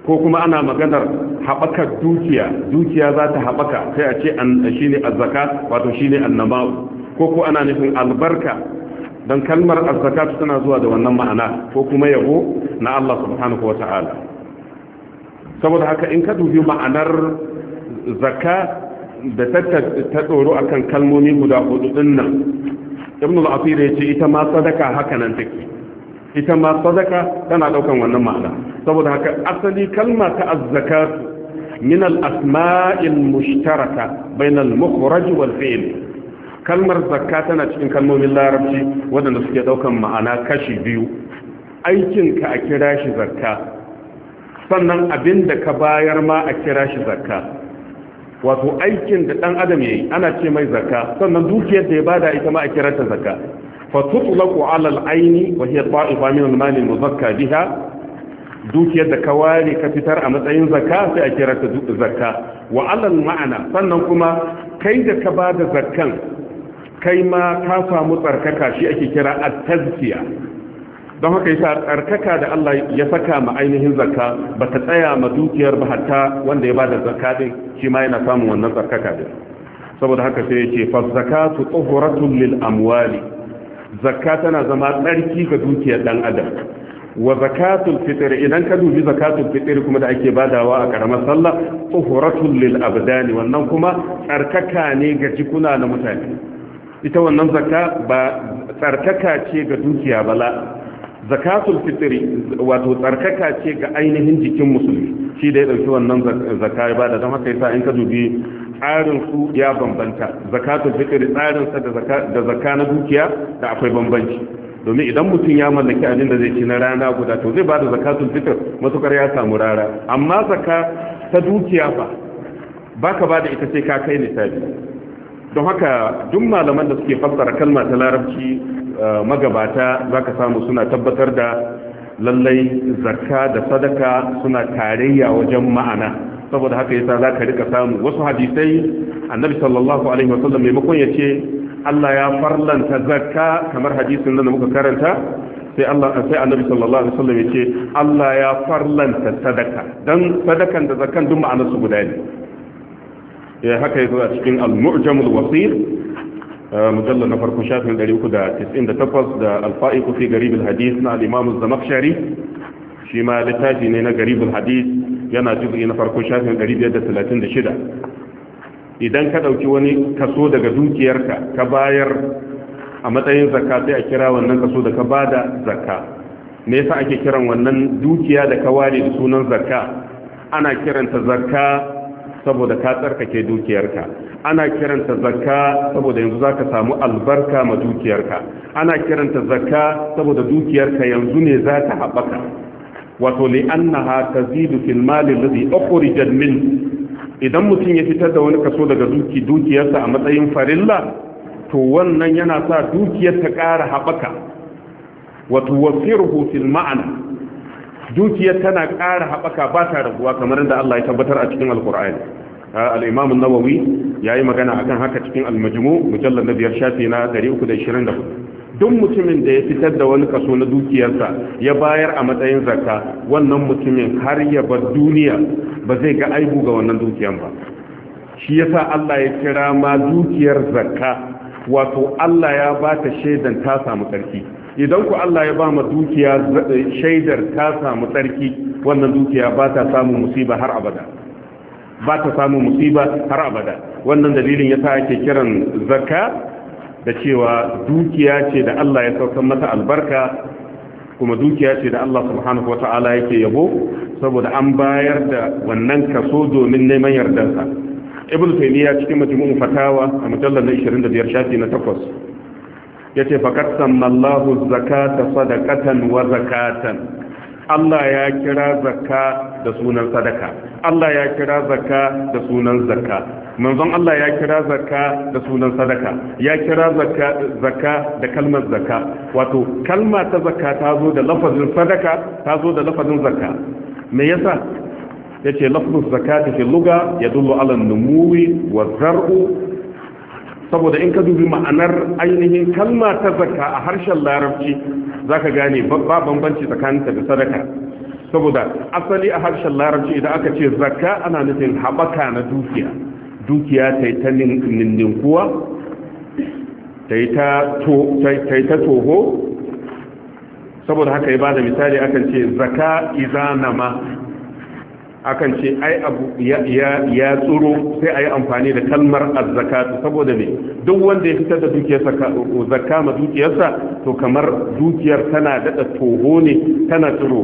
ko kuma ana maganar haɓaka dukiya dukiya za ta haɓaka sai a ce shi ne azzaka wato shi ne annama'u ko ko ana nufin albarka don kalmar azzakatu tana zuwa da wannan ma'ana ko kuma yabo na Allah subhanahu wa ta'ala saboda haka in ka dubi ma'anar zakka da ta tsoro akan kalmomi guda hudu din nan ibn al-asir ya ce ita ma sadaka haka nan take ita ma sadaka tana daukan wannan ma'ana saboda haka asali kalma ta azzakatu min al-asma'il mushtaraka bainal mukhraj wal fi'l kalmar zakka tana cikin kalmomin larabci waɗanda suke ɗaukan ma'ana kashi biyu aikinka a kira shi zakka sannan abin da ka bayar ma a kira shi zakka wato aikin da ɗan adam ya yi ana ce mai zakka sannan dukiyar da ya bada ita ma a kira ta zakka fa tutlaqu aini wa hiya ta'ifa min al-mal muzakka biha dukiyar da ka ware ka fitar a matsayin zakka sai a kira ta zakka wa maana sannan kuma kai da ka bada zakkan kai ma ka samu tsarkaka shi ake kira at-tazkiya don haka yasa tsarkaka da Allah ya saka ma ainihin zarka ba ta tsaya ma dukiyar ba hatta wanda ya bada zakka din shi ma yana samun wannan tsarkaka din saboda haka sai yace fa zakatu tuhuratun lil amwali zakka tana zama tsarki ga dukiyar dan adam wa zakatul fitr idan ka dubi zakatul fitr kuma da ake badawa a karamar sallah tuhuratun lil abdani wannan kuma tsarkaka ne ga jikuna na mutane ita wannan zakka ba tsarkaka ce ga dukiya bala zakatul fitr wato tsarkaka ce ga ainihin jikin musulmi shi da ya dauki wannan zakka ba da dama kai sa in ka dubi tsarin su ya bambanta zakatul fitr tsarin sa da zakka da zakka na dukiya da akwai bambanci domin idan mutum ya mallaki abin da zai ci na rana guda to zai ba da zakatul fitr matukar ya samu rara amma zakka ta dukiya ba baka ba da ita sai ka kai misali don haka duk malaman da suke fassara kalma ta larabci eh, magabata za ka samu suna tabbatar da lallai zakka da sadaka suna tarayya wajen ma'ana saboda haka yasa za ka rika samu wasu hadisai annabi sallallahu alaihi wasallam maimakon ya ce Allah ya farlanta zakka kamar hadisin da muka karanta sai Allah sai annabi sallallahu alaihi wasallam ya ce Allah ya farlanta sadaka dan sadakan da zakkan duk ma'anar su guda ne ya eh, haka yazo a cikin al-mu'jamul wasir eh, mujalla na farko shafin 398 da al-fa'iqu fi garib al-hadith na al-imam az-zamakhshari shi ma littafi ne na garib al-hadith yana juz'i na farko shafin 536 idan ka dauki wani kaso daga dukiyarka ka bayar a matsayin zakka sai a kira wannan kaso da ka bada zakka me yasa ake kiran wannan dukiya da ka ware da sunan zakka ana kiranta zakka saboda ka tsarkake dukiyarka ana kiranta zakka saboda yanzu ka samu albarka ma dukiyarka ana kiranta zakka saboda dukiyarka yanzu ne za ta haɓaka wato li'annaha tazidu fil mali alladhi ukhrija min idan mutum ya fitar da wani kaso daga duki dukiyarsa a matsayin farilla to wannan yana sa dukiyar ta ƙara haɓaka wato wasiruhu fil ma'ana dukiyar tana ƙara haɓaka ba ta raguwa kamar da Allah ya tabbatar a cikin alkur'ani al-imam an-nawawi yayi magana akan haka cikin al-majmu mujallal na biyar shafi na 324 duk mutumin da ya fitar da wani kaso na dukiyarsa ya bayar a matsayin zakka wannan mutumin har ya bar duniya ba zai ga aibu ga wannan dukiyar ba shi yasa Allah ya kira ma dukiyar zakka wato Allah ya ba ta shaidan ta samu tsarki idan ku Allah ya ba ma dukiya eh, shaidar ta samu tsarki wannan dukiya ba ta samu musiba har abada ba ta samu musiba har abada wannan dalilin yasa ake kiran zakka da cewa dukiya ce da Allah ya saukar mata albarka kuma dukiya ce da Allah subhanahu wata'ala yake yabo saboda an bayar da wannan kaso domin neman yardansa ibnu taymiya cikin majmu'u fatawa a mujallal na 25 shafi na 8 yace faqad sammallahu zakata sadaqatan wa zakatan Allah ya kira zakka da sunan sadaka Allah ya kira zakka da sunan zakka manzon Allah ya kira zakka da sunan sadaka ya kira zakka zakka da kalmar zakka wato kalma ta zakka ta zo da lafazin sadaka ta zo da lafazin zakka me yasa yace lafzul zakati fi lugha yadullu ala an-numuwi wa zar'u saboda in ka dubi ma'anar ainihin kalma ta zakka a harshen larabci zaka gane ba bambanci tsakaninta da sadaka saboda asali a harshen larabci idan aka ce zakka ana nufin haɓaka na dukiya dukiya ta yi ta kuwa? ta yi ta toho saboda haka ya ba da misali akan ce zakka izanama akan ce ai abu ya tsoro sai a yi amfani da kalmar azzakatu saboda ne duk wanda ya fitar da dukiyarsa zakka ma dukiyarsa to kamar dukiyar tana daɗa toho ne tana tsiro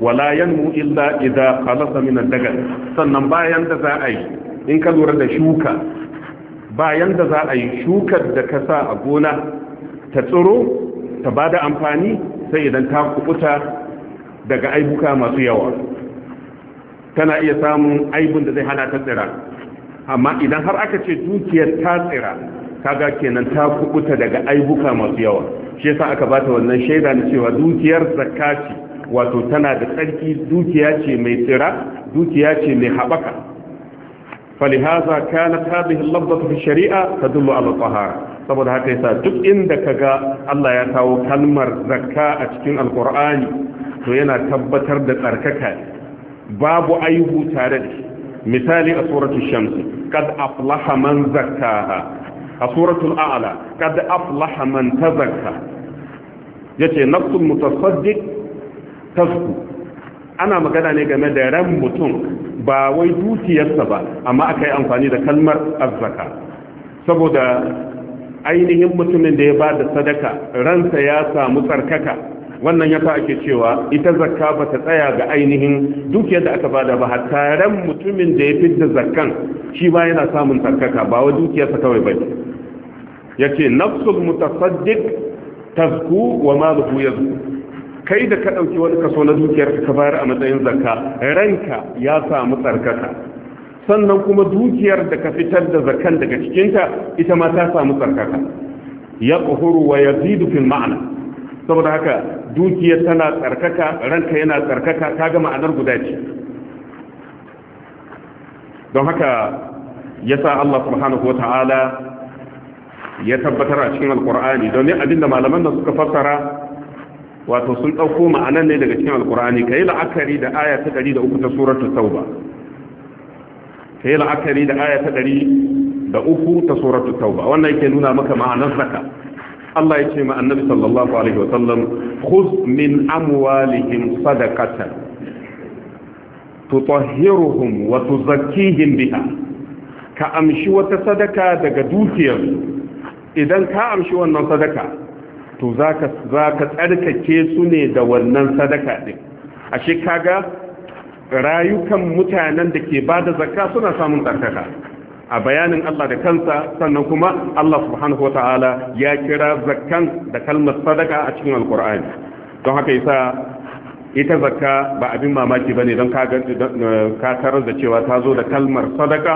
wala mu illa idza khalasa min dagal sannan bayan da za a yi in ka lura da shuka bayan da za a yi shukar da ka sa a gona ta tsiro ta bada amfani sai idan ta kubuta daga aibuka masu yawa tana iya samun aibun da zai hana ta tsira amma idan har aka ce dukiyar ta tsira kaga kenan ta kubuta daga aibuka masu yawa shi yasa aka bata wannan shaida na cewa dukiyar zakati wato tana da tsarki dukiya ce mai tsira dukiya ce mai habaka falihaza kanat hadhihi al fi shari'a tadullu ala tahara saboda haka yasa duk inda kaga Allah ya kawo kalmar zakka a cikin alqur'ani to yana tabbatar da tsarkaka babu aihu tare da shi misali a suratul shamsi kad aflaha man zakkaha a suratul a'la kad aflaha man tazakka yace nafsul mutasaddiq tasku ana magana ne game da ran mutum ba wai dukiyarsa ba amma aka yi amfani da kalmar azzaka saboda ainihin mutumin da ya ba da sadaka ransa ya samu tsarkaka wannan yasa ake cewa ita zakka ba ta tsaya ga ainihin dukiyar da aka bada ba hatta mutumin da ya fidda zakkan shi ba yana samun tsarkaka ba wa dukiyarsa kawai ba yace nafsul mutasaddiq tazku wa maluhu yazku kai da ka ɗauki wani kaso na dukiyar ka bayar a matsayin zakka ranka ya samu tsarkaka sannan kuma dukiyar da ka fitar da zakkan daga cikinta ita ma ta samu tsarkaka yaqhuru wa yazidu fil ma'ana. saboda haka dukiyar tana tsarkaka ranka yana tsarkaka ta gama nan guda ce don haka ya sa Allah subhanahu wa ta'ala ya tabbatar a cikin alkur'ani domin abinda malaman da suka fassara wato sun ɗauko ma'anan ne daga cikin alkur'ani ka yi la'akari da aya ta 103 ta suratul tauba ka yi la'akari da aya ta 103 ta suratul tauba wannan yake nuna maka ma'anar zaka Allah ya ce ma annabi sallallahu alaihi wa sallam khudh min amwalihim sadaqatan tutahhiruhum wa tuzakkihim biha ka amshi wata sadaka daga dukiyar idan ka amshi wannan sadaka to zaka zaka tsarkake su ne da wannan sadaka din ashe kaga rayukan mutanen da ke bada zakka suna samun tsarkaka a bayanin Allah da kansa sannan kuma Allah subhanahu wataala ya kira zakkan da kalmar sadaka a cikin alkur'ani don haka yasa ita zakka ba abin mamaki bane don ka karar da cewa ta zo da kalmar sadaka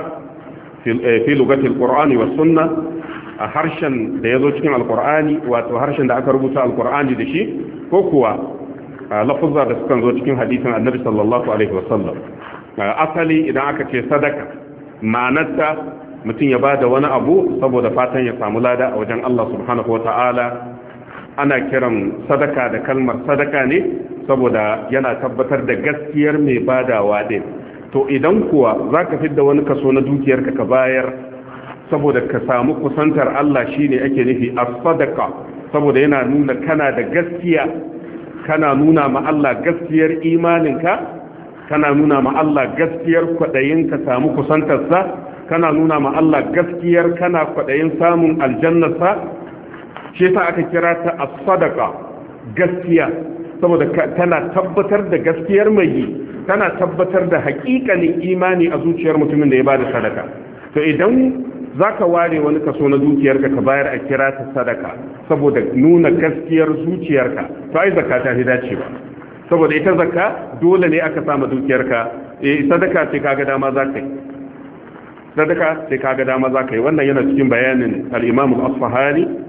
eh, fi lugatil qur'ani was sunna a harshen da ya zo cikin alkur'ani wato harshen da aka rubuta alkur'ani da shi ko kuwa lafuzza da sukan zo cikin hadisin annabi sallallahu alaihi wasallam asali idan aka ce sadaka ma'anarta mutum ya ba da wani abu saboda fatan ya samu lada a wajen Allah subhanahu wa ta'ala ana kiran sadaka da kalmar sadaka ne saboda yana tabbatar da gaskiyar mai badawa din to idan kuwa za ka fidda wani kaso na dukiyarka ka bayar saboda ka samu kusantar Allah shine ake nufi a sadaka saboda yana nuna kana da gaskiya kana nuna ma Allah gaskiyar imaninka kana nuna ma Allah gaskiyar kwaɗayin ka samu kusantarsa kana nuna ma Allah gaskiyar kana kwaɗayin samun aljannarsa shi ta aka kira ta as-sadaqa gaskiya saboda tana tabbatar da gaskiyar mai yi tana tabbatar da haƙiƙanin imani a zuciyar mutumin da ya bada sadaka to idan za ka ware wani kaso na zuciyarka ka bayar a kira ta sadaka saboda nuna gaskiyar zuciyarka to ai zakata ta dace ba saboda ita zakka dole ne aka sama dukiyarka eh sadaka ce kaga dama za ka yi sadaka ce kaga dama za ka yi wannan yana cikin bayanin al-Imam al-Asfahani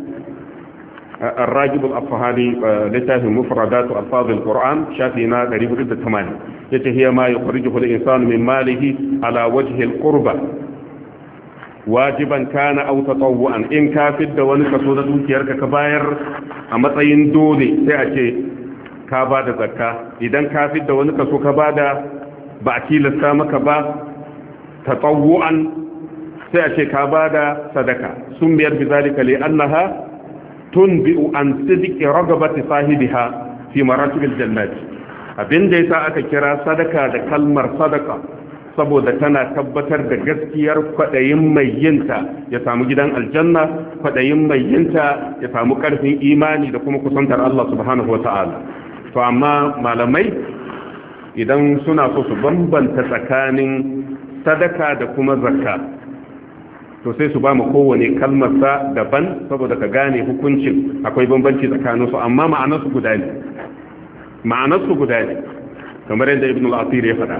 الراجب الأصفهاني لتاه مفردات ألفاظ القرآن شافينا قريب ضد الثمانية يتهي ما يخرجه الإنسان من ماله على وجه القربة wajiban kana au tatawwan in ka fidda wani kaso na dukiyarka ka bayar a matsayin dole sai a ce ka ba da zakka idan ka fidda wani kaso ka ba da ba a tilasta maka ba ta tsawu'an sai a ce ka ba da sadaka sun biyar bi zalika li annaha tunbi'u an sidiki ragabati sahibiha fi maratibil jannati abin da yasa aka kira sadaka da kalmar sadaka saboda tana tabbatar da gaskiyar kwaɗayin mai yinta ya samu gidan aljanna kwaɗayin mai yinta ya samu ƙarfin imani da kuma kusantar Allah subhanahu wa ta'ala to amma malamai idan suna so su bambanta tsakanin sadaka da kuma zakka to sai su ba mu kowane kalmarsa daban saboda ka gane hukuncin akwai bambanci tsakanin su, amma ma'anarsu guda ne ma'anarsu guda ne kamar yadda ibn al-asir ya faɗa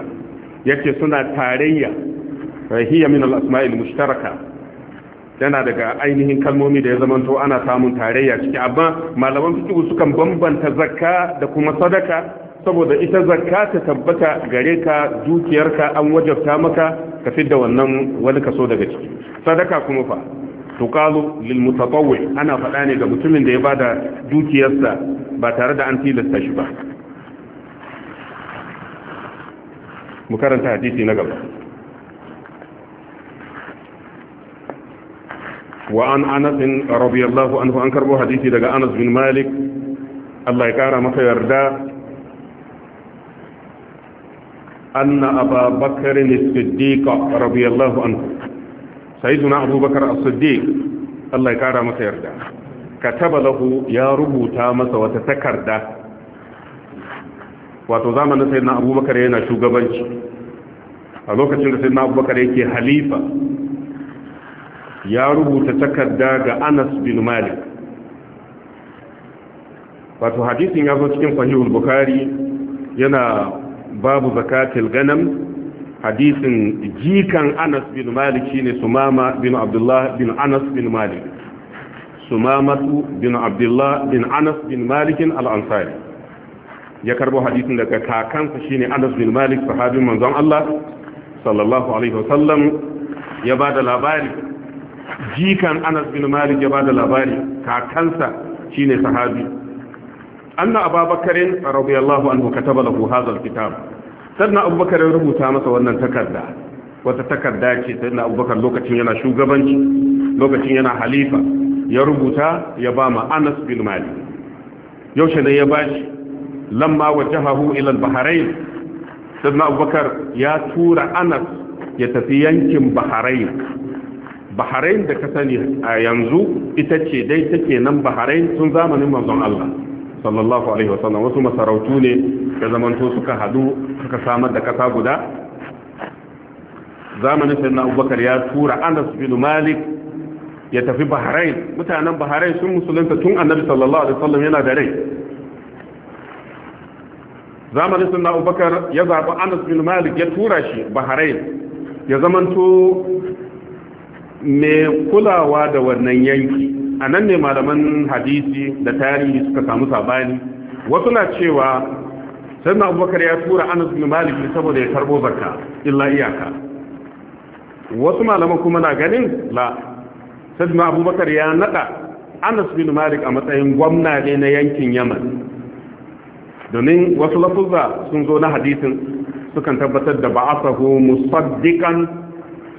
yake suna tarayya rahiya min al-asma'il mushtaraka yana daga ainihin kalmomi da ya zamanto ana samun tarayya ciki amma malaman fiqh sukan bambanta zakka da kuma sadaka saboda ita zakka ta tabbata gare ka dukiyarka an wajabta maka ka fidda wannan wani kaso daga ciki sadaka kuma fa tuqalu lil mutatawwi ana faɗa ne ga mutumin da ya bada dukiyarsa ba tare da an tilasta shi ba mu karanta hadisi na gaba wa an anas radiyallahu anhu an karbo hadisi daga anas bin malik Allah ya kara masa yarda anna aba bakar siddiq radiyallahu anhu sayyiduna abubakar as-siddiq Allah ya kara masa yarda kataba lahu ya rubuta masa wata takarda wato zamanin sayyidina abubakar yana shugabanci a lokacin da sayyidina abubakar yake halifa ya rubuta takarda ga anas bin malik wato hadisin ya zo cikin sahihul bukhari yana babu zakatil ganam hadisin jikan anas bin malik shine sumama bin abdullah bin anas bin malik sumamatu bin abdullah bin anas bin Malikin al'ansari ya karbo hadisin daga kakansa shine anas bin malik sahabin manzon Allah sallallahu alaihi wasallam ya ba da labari jikan anas bin malik ya bada labari kakansa shine sahabi anna abubakar radiyallahu anhu kataba lahu hadha alkitab sannan abubakar ya rubuta masa wannan takarda wata takarda ce sannan abubakar lokacin yana shugabanci lokacin yana halifa ya rubuta ya ba ma anas bin malik yaushe ne ya bashi lamma wajahahu ila al-bahrain sannan abubakar ya tura anas ya tafi yankin bahrain bahrain da ka sani a yanzu ita ce dai take nan bahrain tun zamanin manzon Allah sallallahu alaihi wasallam wasu masarautu ne da zamanto suka hadu suka samar da kasa guda zamanin sayyidina Abubakar ya tura Anas bin Malik ya tafi bahrain mutanen bahrain sun musulunta tun annabi sallallahu alaihi wasallam yana da rai zamanin sunna abubakar ya zaba anas bin malik ya tura shi bahrain ya zamanto Me kulawa da wannan yanki a nan ne malaman hadisi da tarihi suka samu sabani wasu na cewa sannan abubakar ya tura anas bin malik saboda ya karbo zakka illa iyaka wasu malaman kuma na ganin la sannan abubakar ya nada anas bin malik a matsayin gwamna ne na yankin yaman domin wasu lafuzza sun zo na hadisin sukan tabbatar da ba'asahu musaddiqan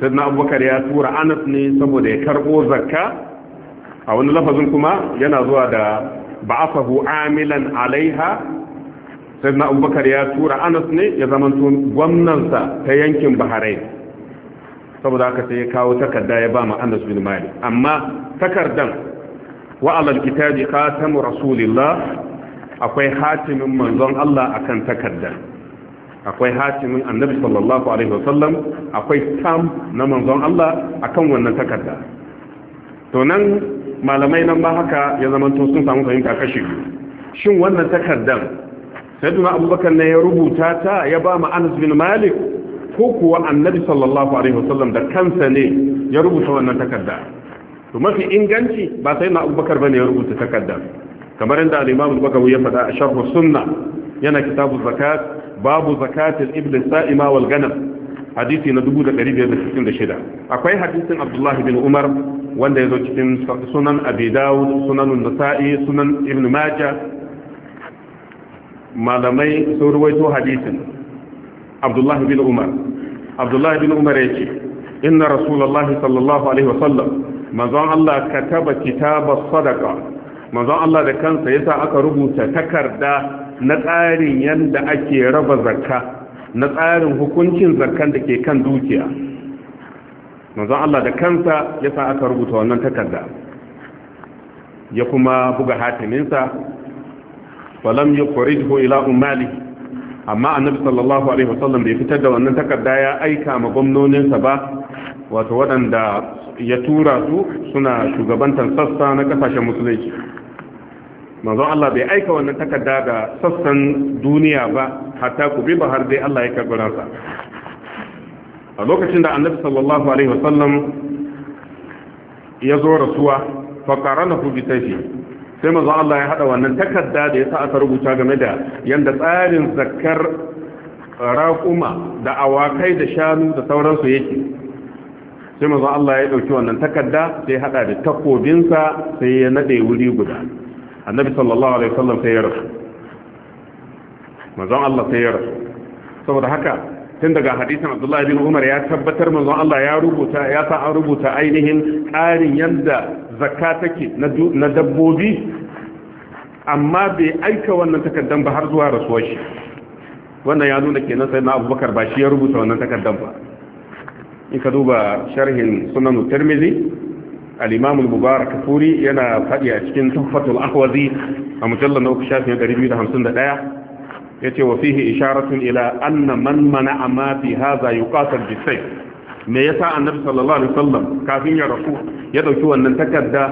sayyidina abubakar ya tura anas ne saboda ya karbo zakka a wani lafazin kuma yana zuwa da ba'afahu amilan alaiha sayyidina abubakar ya tura anas ne ya zamanto gwamnansa ta yankin bahrain saboda haka sai ya kawo takarda ya ba ma anas bin amma takardan wa alal kitabi rasulillah akwai hatimin manzon Allah akan takarda. akwai hatimin annabi sallallahu alaihi wasallam akwai tam na manzon Allah akan wannan takarda to nan malamai nan ba haka ya zama to sun samu fahimta kashi biyu shin wannan takardar sayyiduna abubakar ne ya rubuta ta ya ba mu Anas bin Malik ko kuwa annabi sallallahu alaihi wasallam da kansa ne ya rubuta wannan takarda to mafi inganci ba sayyiduna abubakar bane ya rubuta takardar kamar inda al-Imam Bukhari ya faɗa a sharh sunna yana kitabu zakat babu zakatul iblis sa'ima wal ganam hadisi na 1566 akwai hadisin abdullahi bin umar wanda ya zo cikin sunan abi dawud sunan nasa'i sunan ibn majah malamai sun ruwaito hadisin abdullahi bin umar abdullahi bin umar ya ce inna rasulullahi sallallahu alaihi wasallam manzon Allah kataba kitaba sadaqa manzon Allah da kansa yasa aka rubuta takarda na tsarin yadda ake raba zakka na tsarin hukuncin zakkan da ke kan dukiya manzon Allah da kansa ya sa aka rubuta wannan takarda ya kuma buga hatiminsa falam ko ila'un mali amma annabi sallallahu alaihi wasallam bai fitar da wannan takarda ya aika ma gwamnoninsa ba wato waɗanda ya tura su suna shugabantar sassa na kasashen musulunci manzo Allah bai aika wannan takarda ga sassan duniya ba hatta ku bi har dai Allah ya karbi ransa a lokacin da annabi sallallahu alaihi wasallam ya zo rasuwa fa qaranahu bi tafi sai manzo Allah ya hada wannan takarda da ya sa aka rubuta game da yanda tsarin zakkar raƙuma da awakai da shanu da sauransu yake sai manzo Allah ya dauki wannan takarda sai hada da takobinsa sai ya nade wuri guda annabi sallallahu alaihi wasallam sai ya rasu manzon Allah sai ya rasu saboda haka tun daga hadisin Abdullah bin Umar ya tabbatar manzon Allah ya rubuta ya sa an rubuta ainihin ƙarin yadda zakka take na dabbobi amma bai aika wannan takaddan ba har zuwa rasuwar shi wannan ya nuna kenan sai na Abubakar ba shi ya rubuta wannan takaddan ba in ka duba sharhin sunan Tirmidhi Alimamul imam mubarak furi yana faɗi a cikin tuhfatul akwazi a mujallar na uku shafin 251 yace wa fihi isharatun ila anna man haza, ma fi hadha yuqatal bisayf me yasa annabi sallallahu alaihi wasallam kafin ya rasu ya dauki wannan takarda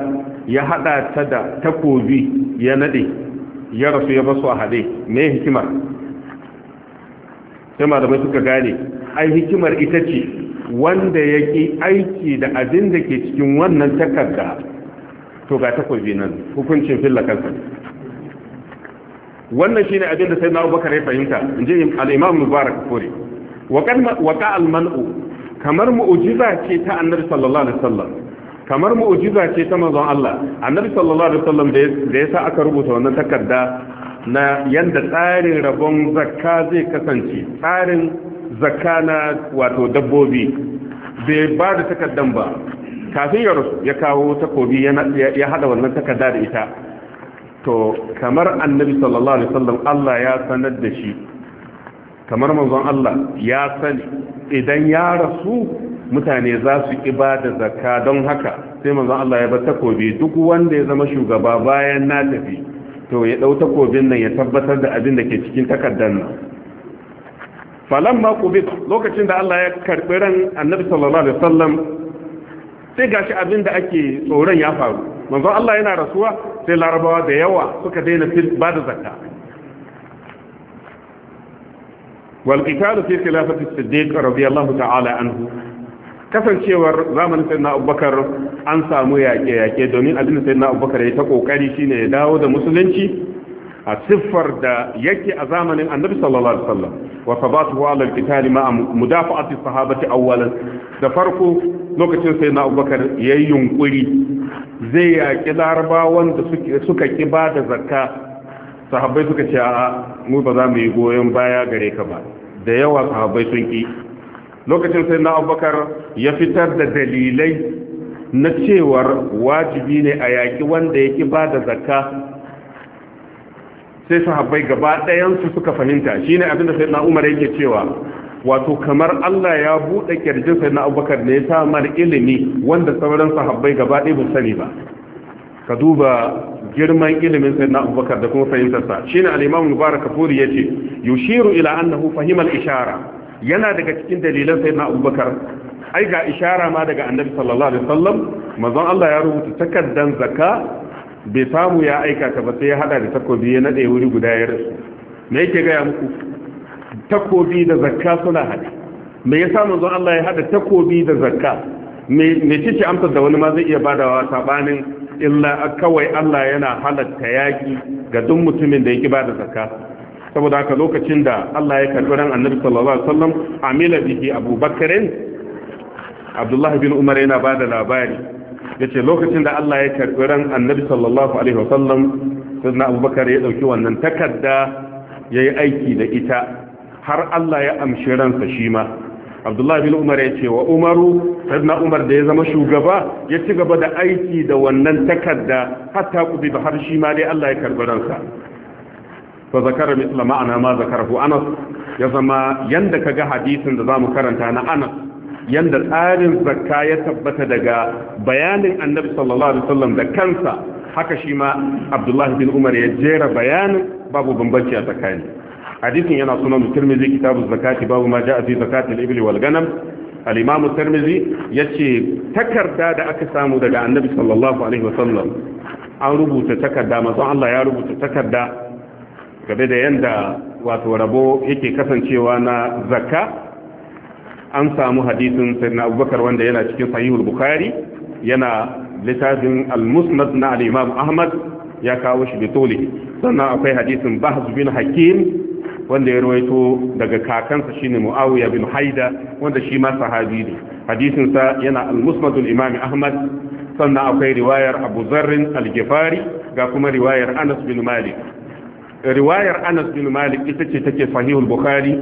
ya hada ta da takobi ya nade ya rasu ya basu a hade me hikimar sai malamai suka gane ai hikimar ita ce wanda ya ƙi aiki da abin da ke cikin wannan takarda to ga takobi nan hukuncin filla kansa wannan shi ne abin da sai na abubakar ya fahimta in ji al'imam mubarak kore waka manu kamar mu'ujiza ce ta annabi sallallahu alaihi sallam. kamar mu'ujiza ce ta manzon Allah annabi sallallahu alaihi sallam da ya sa aka rubuta wannan takarda na yadda tsarin rabon zakka zai kasance tsarin zakka na wato dabbobi bai ba da takardan ba kafin ya rasu ya kawo takobi ya hada wannan takarda da ita to kamar annabi sallallahu alaihi wasallam Allah ya sanar da shi kamar manzon Allah ya sani idan ya rasu mutane za su ibada zakka don haka sai manzon Allah ya ba takobi duk wanda ya zama shugaba bayan na tafi to ya ɗau takobin nan ya tabbatar da abin da ke cikin takardar nan ma kubit lokacin da Allah ya karbi ran annabi sallallahu alaihi wasallam sai gashi abin da ake tsoron ya faru manzo Allah yana rasuwa sai larabawa da yawa suka daina ba da zakka wal qitalu fi khilafati siddiq radiyallahu ta'ala anhu kasancewar zamanin sayyidina abubakar an samu yaƙe-yaƙe domin abin da sayyidina abubakar ya ta shi shine ya dawo da musulunci a siffar da yake a zamanin annabi sallallahu alaihi wasallam wa sabatuhu ala alqitali ma mudafa'ati sahabati awwalan da farko lokacin sayyidina abubakar yayi yunkuri zai yaƙi larabawan da suka ki ba da zakka sahabbai suka ce a'a mu ba za mu yi goyon baya gare ka ba da yawa sahabbai sun ki lokacin sai na abubakar ya fitar da dalilai na cewar wajibi ne a yaƙi wanda ya ƙi ba da zakka sai sahabbai gaba ɗayansu suka fahimta shi ne abinda sai na umar yake cewa wato kamar allah ya buɗe ƙirjin sai na abubakar ne ya samar ilimi wanda sauran sahabbai gaba ɗaya ba sani ba ka duba girman ilimin sai na abubakar da kuma fahimtarsa shi ne al'imamu mubarak kafuri ya ce yushiru ila annahu fahimal ishara yana daga cikin dalilan sai sayyidina abubakar ai ga ishara ma daga annabi sallallahu alaihi wasallam manzon Allah ya rubuta takaddan zakka bai samu ya aika ta ba sai ya hada da takobi ya nade wuri guda ya rasu me yake ga ya muku takobi da zakka suna hada me yasa manzon Allah ya hada takobi da zakka me me amsar da wani ma zai iya badawa sabanin illa kawai Allah yana halatta yaki ga duk mutumin da yake bada zakka saboda haka lokacin da Allah ya karɓi ran annabi sallallahu alaihi wasallam amila bihi abubakarin abdullah bin umar yana ba da labari yace lokacin da Allah ya karɓi ran annabi sallallahu alaihi wasallam sai abubakar ya dauki wannan takarda yayi aiki da ita har Allah ya amshi ransa shi ma abdullahi bin umar ya ce wa umaru sadna umar da ya zama shugaba ya ci gaba da aiki da wannan takarda hatta kubi da har shi ma dai allah ya karbi ransa fa zakara misla ma'ana ma zakarahu anas ya zama yanda kaga hadisin da zamu karanta na anas yanda tsarin zakka ya tabbata daga bayanin annabi sallallahu alaihi wasallam da kansa haka shi ma abdullahi bin umar ya jera bayanin babu bambanci a tsakani hadisin yana sunan tirmizi kitabu zakati babu ma ja'a fi zakati al-ibli wal ganam al-imam tirmizi yace takarda da aka samu daga annabi sallallahu alaihi wasallam an rubuta takarda manzon Allah ya rubuta takarda game da yanda wato rabo yake kasancewa na zakka an samu hadisin sayyidina abubakar wanda yana cikin sahihul bukhari yana littafin al-musnad na al-imam ahmad ya kawo shi tole sannan akwai hadisin bahz bin hakim wanda ya rawaito daga kakansa shine muawiya bin haida wanda shi ma sahabi ne hadisin sa yana al-musnad al-imam ahmad sannan akwai riwayar abu zarrin al gifari ga kuma riwayar anas bin malik riwayar anas bin malik ita ce take sahihul bukhari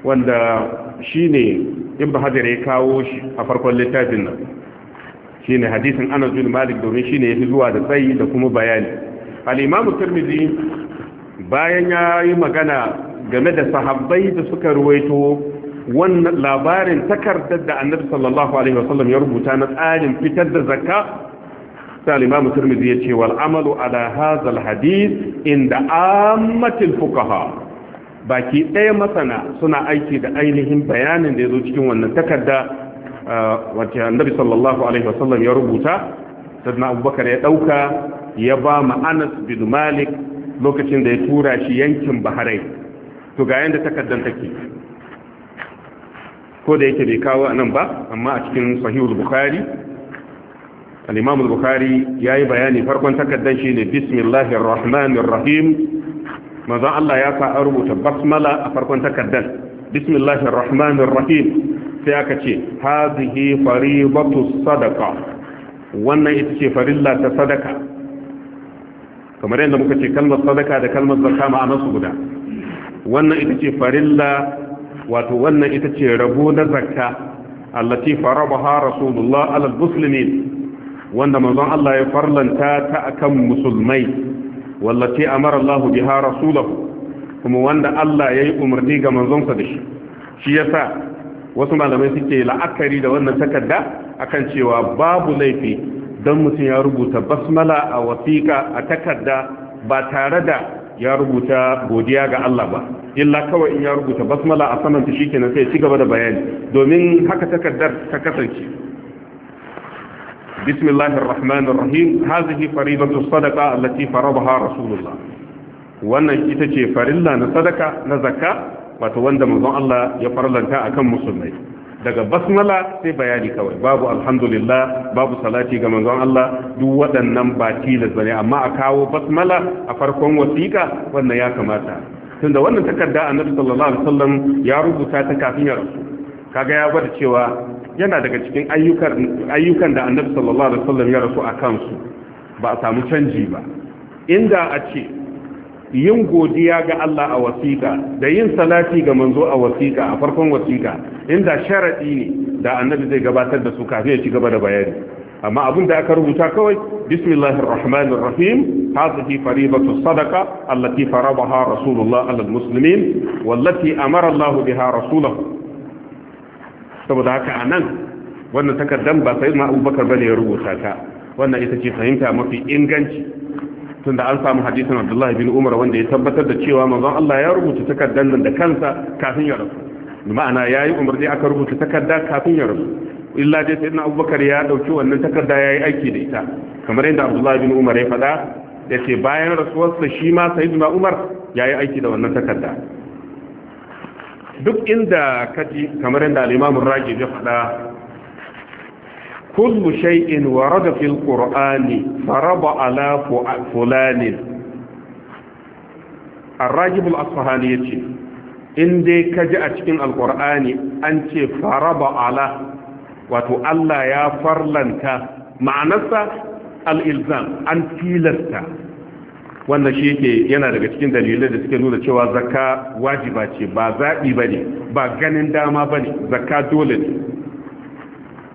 wanda shine ibnu hajar ya kawo shi a farkon littafin nan shine hadisin anas bin malik domin shine yafi zuwa da tsayi da kuma bayani al-imamu tirmidhi bayan ya yi magana game da sahabbai da suka ruwaito wannan labarin takardar da annabi sallallahu alaihi wasallam ya rubuta na tsarin fitar da zakka sai al-imam ya yace wal amalu ala hazal hadith inda ammatil fuqaha baki ɗaya masana suna aiki da ainihin bayanin da yazo cikin wannan takarda uh, wacce annabi sallallahu alaihi wasallam ya rubuta sannan abubakar ya dauka ya ba ma anas bin malik lokacin da ya tura shi yankin baharai to ga yanda takaddan take ko da yake bai kawo nan ba amma a cikin sahihul bukhari al-imam al-bukhari yayi bayani farkon takaddan shine bismillahir rahmanir rahim Allah ya sa rubuta basmala a farkon takaddan bismillahir rahmanir rahim sai aka ce hadhihi faribatu sadaqa wannan ita ce farilla ta sadaka kamar yadda muka ce kalmar sadaka da kalmar zakka ma'anarsu guda wannan ita ce farilla wato wannan ita ce rabo na zakka allati farabaha rasulullah alal muslimin wanda manzon Allah ya farlanta ta akan musulmai wallati amara Allah biha rasulahu kuma wanda Allah ya yi umarni ga manzonsa da shi shi yasa wasu malamai suke la'akari da wannan takarda akan cewa babu laifi dan mutum ya rubuta basmala a wasiƙa a takarda ba tare da ya rubuta godiya ga Allah ba illa kawai in ya rubuta basmala a samanta shikenan sai ya ci gaba da bayani domin haka takardar ta kasance بسم الله الرحمن الرحيم هذه فريضة الصدقة التي فرضها رسول الله wannan ita ce farin na sadaka na zakka wato wanda manzon Allah ya farlanta akan musulmai daga basmala sai bayani kawai babu alhamdulillah babu salati ga manzon Allah duk waɗannan ba tilas bane amma a kawo basmala a farkon wasiƙa wannan ya kamata tunda wannan takarda annabi sallallahu alaihi wasallam ya rubuta ta kafin ya rasu kaga ya gwada cewa yana daga cikin ayyukan da annabi sallallahu alaihi wasallam ya rasu a kansu ba a samu canji ba inda a ce yin godiya ga Allah a wasiƙa da yin salati ga manzo a wasiƙa a farkon wasiƙa inda sharaɗi ne da annabi zai gabatar da su kafin ya ci gaba da bayani amma abin da aka rubuta kawai bismillahir rahmanir rahim hadhihi fariidatu sadaqa allati faradaha rasulullah alal muslimin wallati amara Allah biha rasulahu saboda haka a nan wannan takardar ba sai abubakar ne ya rubuta ta wannan ita ce fahimta mafi inganci tunda an samu hadisin abdullahi bin umar wanda ya tabbatar da cewa manzon Allah ya rubuta takardar nan da kansa kafin ya rasu ma'ana yayi umarni aka rubuta takarda kafin ya rasu illa dai sayyidina abubakar ya dauki wannan takarda yayi aiki da ita kamar yadda abdullahi bin umar ya faɗa yace bayan rasuwarsa shi ma sayyidina umar yayi aiki da wannan takarda duk inda kaji kamar yadda al-imamu ragi ya faɗa kullu shay'in warada fil qur'ani faraba ala fulan ar-rajib al-asfahani yace in dai kaji a cikin al-qur'ani an ce faraba ala wato Allah ya farlanta ma'anarsa al-ilzam an tilasta wanda shi yana daga cikin dalilai da suke nuna cewa zakka wajiba ce ba zaɓi ba ne ba ganin dama ba ne zakka dole ne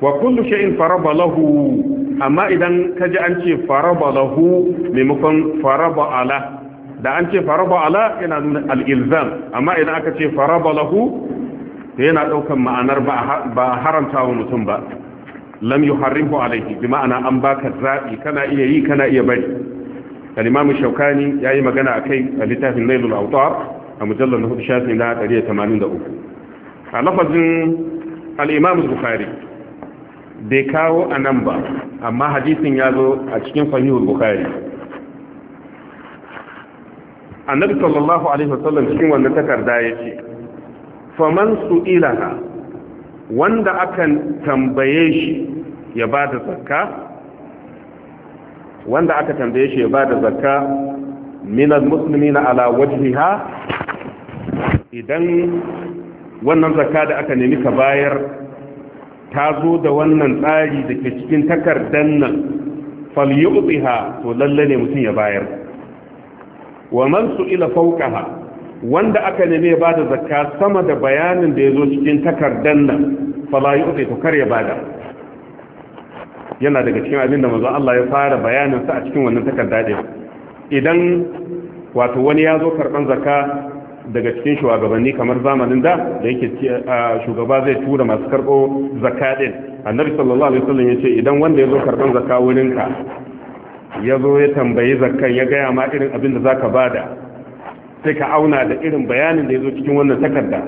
wa kullu shay'in faraba lahu amma idan ka ji an ce faraba lahu maimakon faraba ala da an ce faraba ala yana nuna al-ilzam amma idan aka ce faraba lahu yana daukan ma'anar ba haramta wa mutum ba lam yuharrimu alaihi bi ma'ana an baka zaɓi kana iya yi kana iya bari al shaukani ya yi magana kai a littafin nailul awtar a mujallar na hudu shafi na 183 a lafazin al-imam bai kawo a ba amma hadisin ya zo a cikin sahihul bukhari annabi sallallahu alaihi wasallam cikin wannan takarda ya yace faman su'ilaha wanda akan tambaye shi ya bada zakka wanda aka tambaye shi ba da zakka minal muslimina ala wajhiha idan wannan zakka da aka nemi ka bayar ta zo da wannan tsari da ke cikin takardar nan falyu'tiha to lalle ne mutum ya bayar wa man su'ila fawqaha wanda aka nemi ba da zakka sama da bayanin da ya zo cikin takardar nan fala yu'ti to kar ya bada yana daga cikin abin da manzo Allah ya fara bayanin sa a cikin wannan takarda din idan wato wani ya zo karban zakka daga cikin shugabanni kamar zamanin da da yake shugaba zai tura masu karbo zakka din annabi sallallahu alaihi wasallam yace idan wanda ya zo karban zakka wurin ka ya zo ya tambayi zakkan ya gaya ma irin abin da zaka bada sai ka auna da irin bayanin da ya zo cikin wannan takarda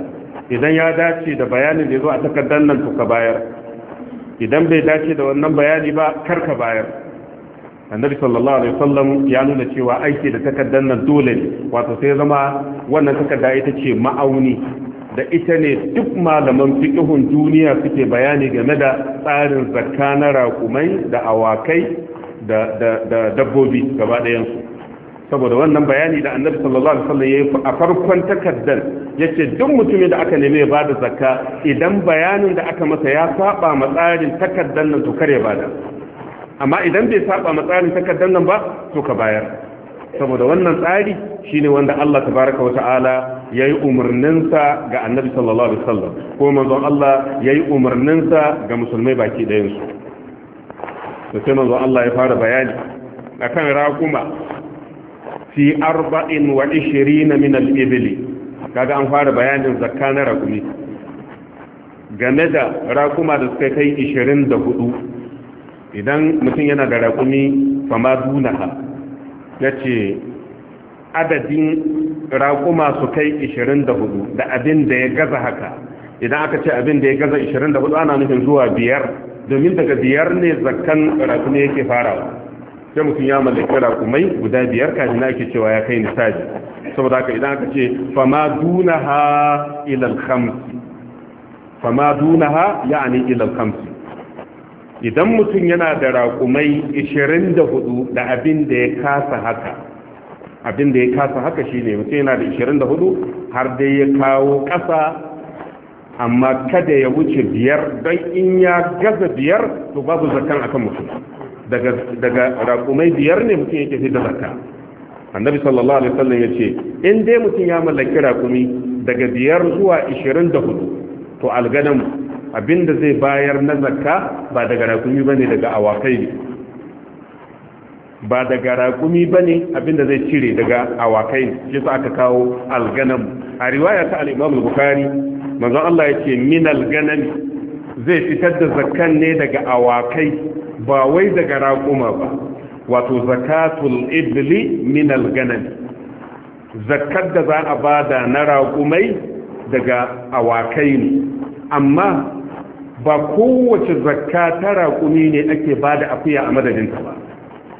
idan ya dace da bayanin da ya zo a takardar nan to ka bayar idan bai dace da wannan bayani ba karka bayar annabi sallallahu alaihi wasallam ya nuna cewa aiki da takaddan nan dole ne wato sai zama wannan takarda ita ce ma'auni da ita ne duk malaman fiqhun duniya suke bayani game da tsarin zakka na raƙumai da awakai da da dabbobi gaba ɗayan saboda wannan bayani da annabi sallallahu alaihi wasallam yayi a farkon takaddan Ya ce duk mutumin da aka neme ya bada zakka idan bayanin da aka masa ya saba ma takardar nan to kare bada amma idan bai saba ma tsarin takardar nan ba to ka bayar saboda wannan tsari shine wanda Allah tabaraka wata'ala yayi umarninsa ga Annabi sallallahu alaihi wasallam ko manzon Allah yayi umarninsa ga musulmai baki ɗayan su to sai manzon Allah ya fara bayani akan raquma fi arba'in wa min al-ibli kaga an fara bayanin zakka na rakumi game da rakuma da suka kai 24 idan mutum yana da rakumi fama dunaha ya ce adadin rakuma su kai 24 da abin da ya gaza haka idan aka ce abin da ya gaza 24 ana nufin zuwa biyar domin daga biyar ne zakkan rakumi yake farawa sai mutum ya mallaki rakumai guda biyar kafin ake cewa ya kai nisaji saboda haka idan aka ce fama dunaha ilal khamsi fama dunaha ya'ani ilal khamsi idan mutum yana da raƙumai 24 da abin da ya kasa haka abin da ya kasa haka shine mutum yana da 24 har dai ya kawo ƙasa amma kada ya wuce biyar don in ya gaza biyar to babu zakan akan mutum daga raƙumai biyar ne mutum yake fi da zakka annabi sallallahu alaihi wasallam ya ce in dai mutum ya mallaki rakumi daga biyar zuwa ishirin da hudu to alganan abinda zai bayar na zakka ba daga rakumi ba ne daga awakai ne ba daga rakumi ba ne abinda zai cire daga awakai ne shi aka kawo alganan a riwaya ta al-imam bukhari manzon Allah ya ce min alganan zai fitar da zakkan ne daga awakai ba wai daga rakuma ba wato zakatul ibli min al-ganam zakat da za a bada na raƙumai daga awakai ne amma ba kowace zakka ta raƙumi ne ake bada akuya a madadin ta ba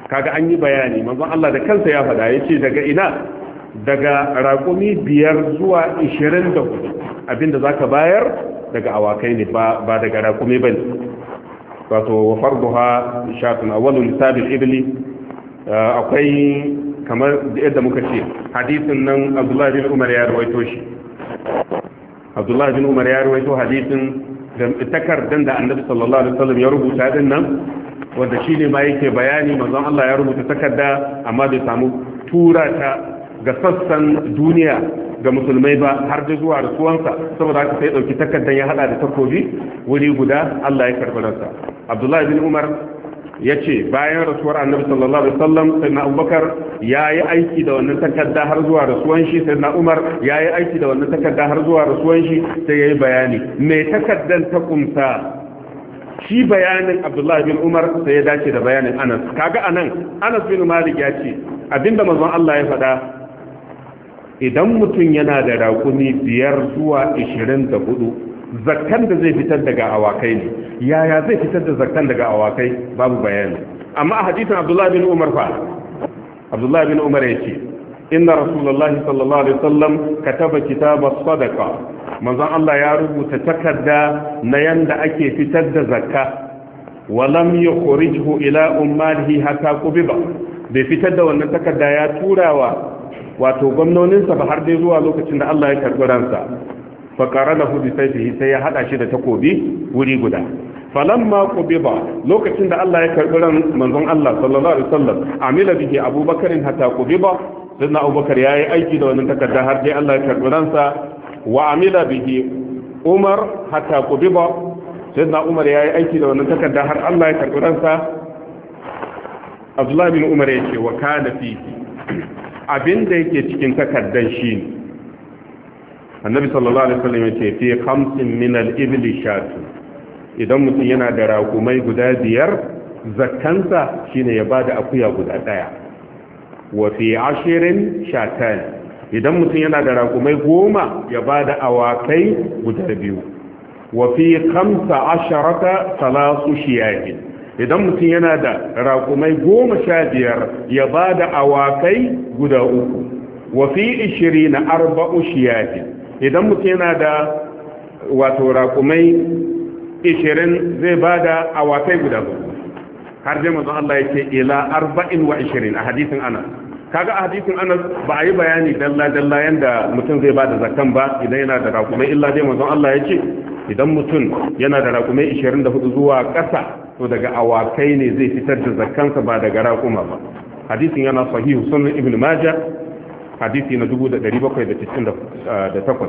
kaga an yi bayani manzon Allah da kansa ya faɗa yace daga ina daga raƙumi biyar zuwa 24 abinda zaka bayar daga awakai ne ba daga raƙumi bane wato wa farduha shatun awwalu lisabil ibli eh, akwai kamar yadda muka ce hadisin nan Abdullah bin Umar ya rawaito shi Abdullahi bin Umar ya rawaito hadisin da takardan da Annabi sallallahu alaihi wasallam ya rubuta din nan wanda shine ma yake bayani manzon Allah ya rubuta takarda amma bai samu tura ta ga sassan duniya ga musulmai ba har da zuwa rasuwansa saboda haka sai dauki takardar ya hada da takobi wuri guda Allah ya karbi ransa Abdullahi bin Umar ya ce bayan rasuwar annabi sallallahu alaihi wasallam sai na abubakar ya yi aiki da wannan takarda har zuwa rasuwan shi sai na umar ya yi aiki da wannan takarda har zuwa rasuwan shi sai ya yi bayani Me takardan ta kumsa shi bayanin abdullahi bin umar sai ya dace da bayanin anas kaga anan anas bin malik ya ce abinda manzon allah ya faɗa idan mutum yana da raƙumi biyar zuwa ishirin da hudu zakkan da zai fitar daga awakai ne yaya zai fitar da zakkan daga awakai babu bayani amma a hadisin abdullahi bin umar fa abdullahi bin umar ya ce inna rasulullahi sallallahu alaihi wasallam kataba kitaba sadaqa manzon Allah ya rubuta takarda na yanda ake fitar da zakka wa lam yukhrijhu ila ummatihi hatta qubiba bai fitar da wannan takarda ya turawa wato gwamnoninsa ba har dai zuwa lokacin da Allah ya karbi ransa fa qarana hu bi sayfihi sai ya hada shi da takobi wuri guda falamma qubiba lokacin da Allah ya karbi ran manzon Allah sallallahu alaihi wasallam amila bihi abubakar hatta qubiba sannan abubakar yayi aiki da wannan takarda har dai Allah ya karbi ransa wa amila bihi umar hatta qubiba sannan umar yayi aiki da wannan takarda har Allah ya karbi ransa Abdullahi bin Umar yake wa kana fihi abin da yake cikin takardar shi ne annabi sallallahu alaihi wasallam yace fi khamsin min al-ibli shatu idan mutum yana da raƙumai guda biyar zakkansa shine ya bada akuya guda daya wa fi ashirin shatan idan mutum yana da raƙumai goma ya bada awakai guda biyu wa fi khamsa asharata salasu shiyahin idan mutum yana da raƙumai goma sha biyar ya ba da awakai guda uku wafi ishiri na arba'u ce. idan mutum yana da wato raƙumai ishirin zai ba da awakai guda uku har zai mazu Allah ya ce ila arba'in wa ishirin a hadisin ana kaga a hadisin ana ba a yi bayani dalla-dalla yanda mutum zai ba da zakan ba idan yana da raƙumai illa zai mazu Allah ya ce idan mutum yana da raƙumai ishirin da hudu zuwa ƙasa to daga awakai ne zai fitar da zakkansa ba daga raƙuma ba hadisin yana sahihu sunan ibn majah hadisi na 1798 eh,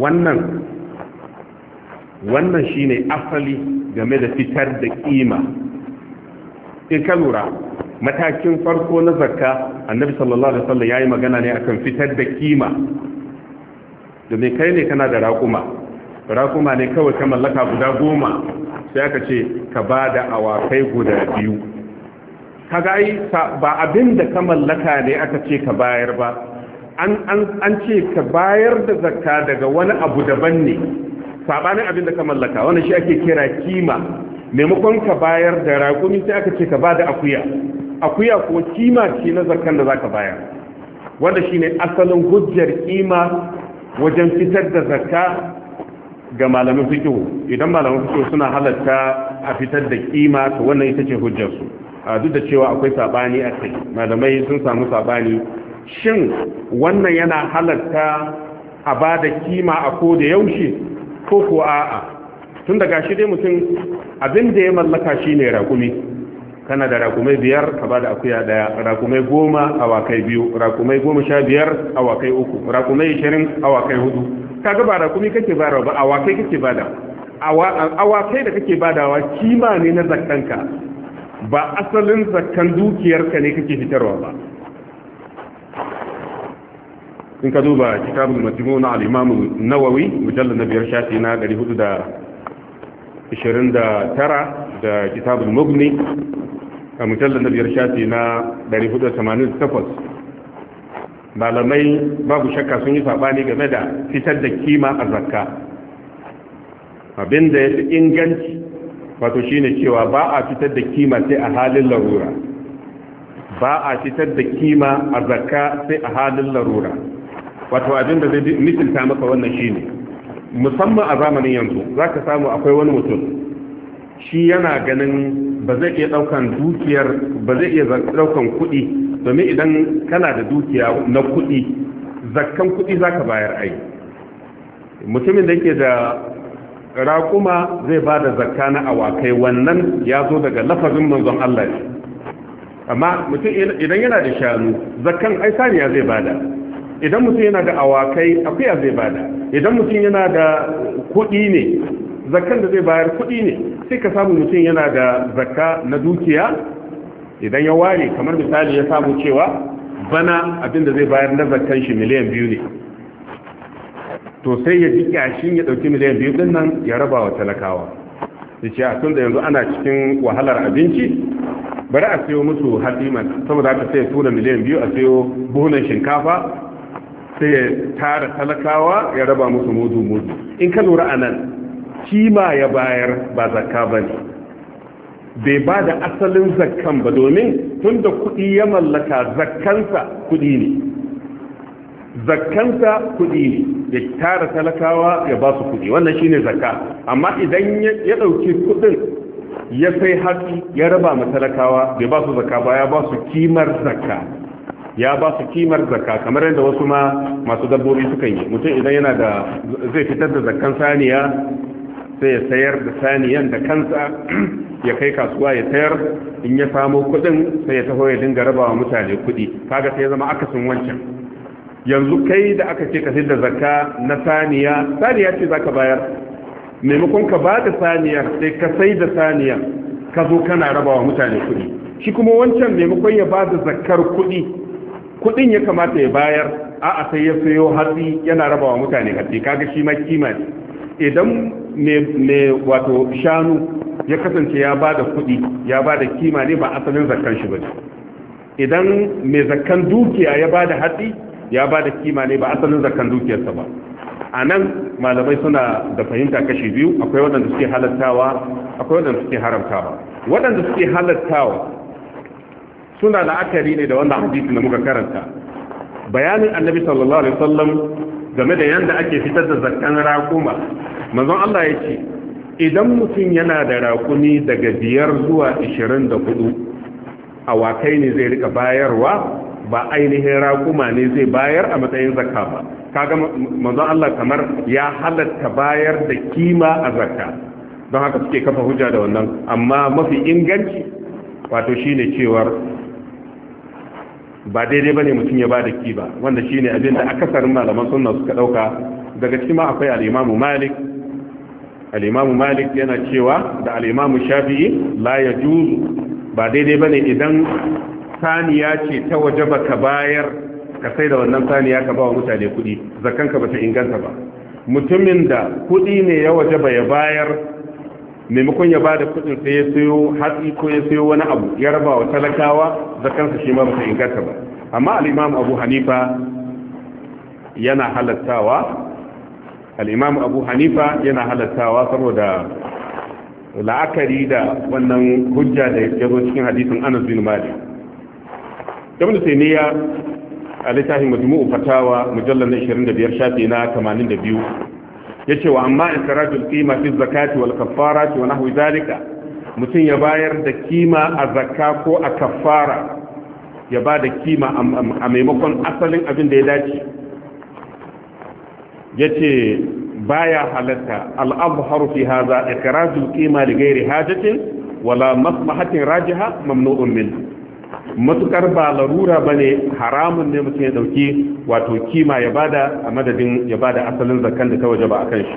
wannan wannan shine asali game da fitar da kima in ka lura matakin farko na zakka annabi sallallahu alaihi wasallam yayi magana ne akan fitar da kima domin kai ne kana da raƙuma raƙuma ne kawai ka mallaka guda goma sai aka ce ka ba da awakai guda biyu kaga ai ba abin da ka mallaka ne aka ce ka bayar ba an ce ka bayar da zakka daga wani abu daban ne sabanin abin da ka mallaka wani shi ake kira kima maimakon ka bayar da raƙumi sai aka ce ka ba da akuya akuya ko kima ce na zakkan da za ka bayar wanda shine asalin hujjar kima wajen fitar da zakka ga malamin fikihu idan malamin fikihu suna halatta a fitar da kima to wannan ita ce hujjarsu duk da cewa akwai sabani a kai malamai sun samu sabani shin wannan yana halatta a bada kima a ko da yaushe ko ko a'a tun daga shi dai mutum abin da ya mallaka shine ne rakumi kana da rakumai biyar ka ba akuya daya rakumai goma awakai biyu rakumai goma sha biyar awakai uku rakumai ishirin awakai hudu kaga ba da kuma kake bayarwa ba awakai kake bada awakai da kake badawa kima ne na zakkanka ba asalin zakkan dukiyarka ne kake fitarwa ba in ka duba kitabul majmu na al-imam nawawi mujallad na biyar shafi na 429 da kitabul mughni a mujallad na biyar shafi na 488 malamai babu shakka sun yi sabani game da fitar da kima a zakka abinda ya fi inganci wato shine cewa ba a fitar da kima sai a halin larura ba a fitar da kima a zakka sai a halin larura wato abinda zai misilta maka wannan shine musamman a zamanin yanzu za ka samu akwai wani mutum shi yana ganin ba zai iya daukan dukiyar ba zai iya daukan kuɗi domin idan kana da dukiya na kuɗi zakkan kuɗi za ka bayar ai mutumin da yake da raƙuma zai ba da zakka na awakai wannan ya zo daga lafazin manzon Allah ne amma mutum idan yana da shanu zakkan ai saniya zai bada idan mutum yana da awakai akuya zai bada idan mutum yana da kuɗi ne zakkan da zai bayar kuɗi ne sai ka samu mutum yana da zakka na dukiya idan ya ware kamar misali ya samu cewa bana abin da zai bayar na zakan shi miliyan biyu ne to sai ya ji kyashin ya ɗauki miliyan biyu ɗin nan ya raba wa talakawa da ce a tun da yanzu ana cikin wahalar abinci bari a sayo musu hatsi saboda haka sai ya tura miliyan biyu a sayo buhunan shinkafa sai ya tara talakawa ya raba musu mudu mudu in ka lura a nan kima ya bayar ba zakka ba ne bai ba da asalin zakkan ba domin tun da kuɗi ya mallaka zakkansa kuɗi ne zakkansa kuɗi ne ya tara talakawa ya ba su kuɗi wannan shi ne zakka amma idan ya ɗauki kuɗin ya sai haƙi ya raba ma talakawa bai ba su zakka ba ya ba su kimar zakka ya ba su kimar zakka kamar yadda wasu ma masu dabbobi sukan yi mutum idan yana da zai fitar da zakkan saniya sai ya sayar da saniyan da kansa ya kai kasuwa ya sayar in ya samo kudin sai ya taho ya dinga rabawa mutane kudi kaga sai ya zama akasin wancan yanzu kai da aka ce ka da zakka na saniya saniya ce zaka bayar maimakon ka ba da saniyar sai ka sai da saniya ka zo kana rabawa mutane kudi shi kuma wancan maimakon ya ba da zakkar kudi kudin ya kamata ya bayar a'a sai ya sayo hatsi yana rabawa mutane hatsi kaga shi ma kima ne idan mai wato shanu ya kasance ya ba da kuɗi ya ba da kima ne ba asalin zakkan shi ba idan mai zakan dukiya ya ba da hatsi ya ba da kima ne ba asalin zakan dukiyarsa ba a nan malamai suna da fahimta kashi biyu akwai waɗanda suke halattawa akwai waɗanda suke haramtawa waɗanda suke halattawa suna la'akari ne da wannan hadisi da muka karanta bayanin annabi sallallahu alaihi wasallam game da yanda ake fitar da zakkan raƙuma manzon Allah ya ce idan mutum yana da raƙuni daga biyar zuwa ishirin da hudu awakai ne zai rika bayarwa ba ainihin raƙuma ne zai bayar a matsayin zakka ba kaga manzon Allah kamar ya halatta bayar da kima a zakka don haka suke kafa hujja da wannan amma mafi inganci wato shine cewar ba daidai bane mutum ya ba da kiba wanda shine abin da akasarin malaman sunna suka dauka daga cikin akwai alimamu Malik al'imamu Malik yana cewa da alimamu Shafi'i la juzu ba daidai bane idan saniya ce ta waje ba ka bayar ka sai da wannan saniya ka ba wa mutane kuɗi zakanka ba ta inganta ba mutumin da kuɗi ne ya waje ba ya bayar maimakon ya ba da kudin sai ya sayo hatsi ko ya sayo wani abu ya raba wa talakawa zakansa shi ma ba inganta ba amma al-imam abu hanifa yana halattawa al abu hanifa yana halattawa saboda la'akari da wannan hujja da ya zo cikin hadisin anas bin malik ibn taymiya a littafin majmu'u fatawa mujallal 25 shafi na 82 yace wa amma israjul qima fi zakati wal kaffarati wa nahwi zalika mutum ya bayar da kima a zakka ko a kafara ya ba da kima a maimakon asalin abin da ya dace yace baya halatta al-abhar fi hadha ikrajul qima li ghairi hajatin wala maslahatin rajiha mamnu'un minhu matukar ba larura ba ne haramun ne mutum ya dauki wato kima ya bada a madadin ya bada asalin zakan da ta waje ba a kan shi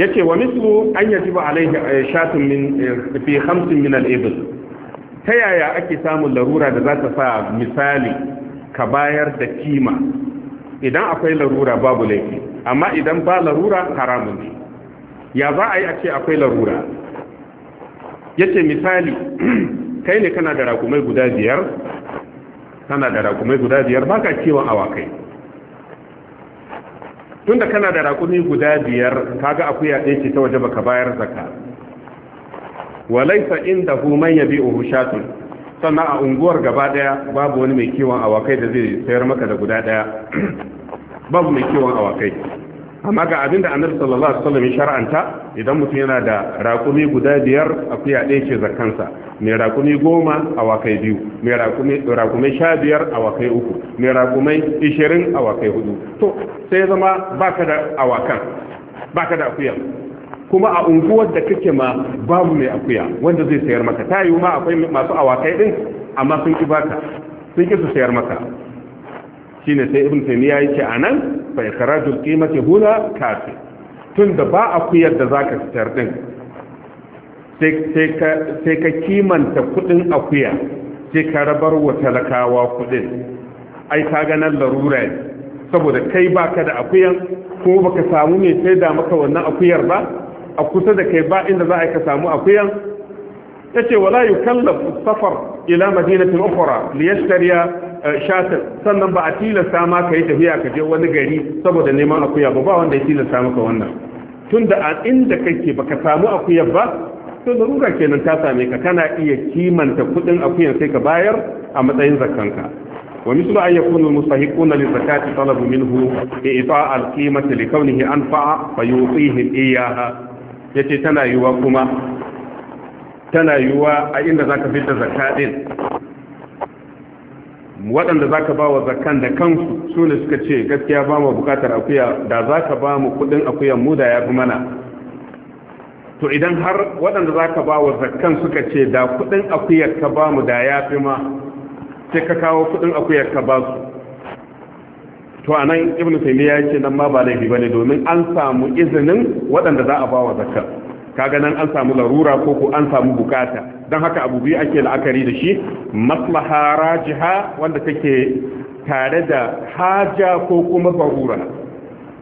ya ce wa mislu an yaji ba alaihi shatun min fi hamsin min ta yaya ake samun larura da za ta sa misali ka bayar da kima idan akwai larura babu laifi amma idan ba larura haramun ne ya za a yi a ce akwai larura ya ce misali kai ne kana da rakumai guda biyar kana da rakumai guda biyar baka kiwon awakai tunda kana da rakumai guda biyar kaga akuya ɗaya ce ta waje baka bayar zakka inda hu man yabi'uhu shatun sannan a unguwar gaba daya babu wani mai kiwon awakai da zai sayar maka da guda daya babu mai kiwon awakai amma ga abinda annabi sallallahu alaihi wasallam ya shar'anta idan mutum yana da raƙumi guda biyar akuya ɗaya ce zakkansa mai rakumai goma awakai biyu mai rakumai sha biyar awakai uku mai rakumai ishirin awakai hudu to sai zama baka da awakan baka da akuya kuma a unguwar da kake ma babu mai akuya wanda zai sayar maka ta yi ma akwai masu awakai din amma sun ki baka sun ki su sayar maka shine sai ibn taymiya yake anan fa ikrajul qimati huna kafi tunda ba akuyar da zaka sayar din sai ka kimanta kudin akuya sai ka rabar wa talakawa kudin ai ka ganar larura ne saboda kai baka da akuyan ko baka samu mai sai da maka wannan akuyar ba a kusa da kai ba inda za a ka samu akuyan ya ce wala yi safar ila madinatin ukhra li eh, shatin sannan ba a tilasta ma ka yi tafiya ka je wani gari saboda neman akuya ba ba wanda ya tilasta maka wannan tunda a inda kake baka samu akuyar ba to larura kenan ta same ka kana iya kimanta kudin akuyan sai ka bayar a matsayin zakanka wa mislu an yakunu almustahiquna li zakati talabu minhu i'ta' alqimati li kawnihi anfa'a yu'tihi iyyaha yace tana yuwa kuma tana yuwa a inda zaka fitar zakka din waɗanda za ka ba wa zakan da kansu su suka ce gaskiya ba mu bukatar akuya da zaka ba mu kuɗin akuyan mu da ya fi mana to idan har waɗanda za ka ba wa zakkan suka ce da kuɗin akuyar ka ba mu da ya fi ma sai ka kawo kuɗin akuyar ka ba su to a nan ibn taymiya ya ce nan ma ba laifi ba ne, domin an samu izinin waɗanda za a ba wa zakkan kaga nan an samu larura ko ko an samu bukata don haka abu biyu ake la'akari da shi maslaha rajiha wanda take tare da haja ko kuma barura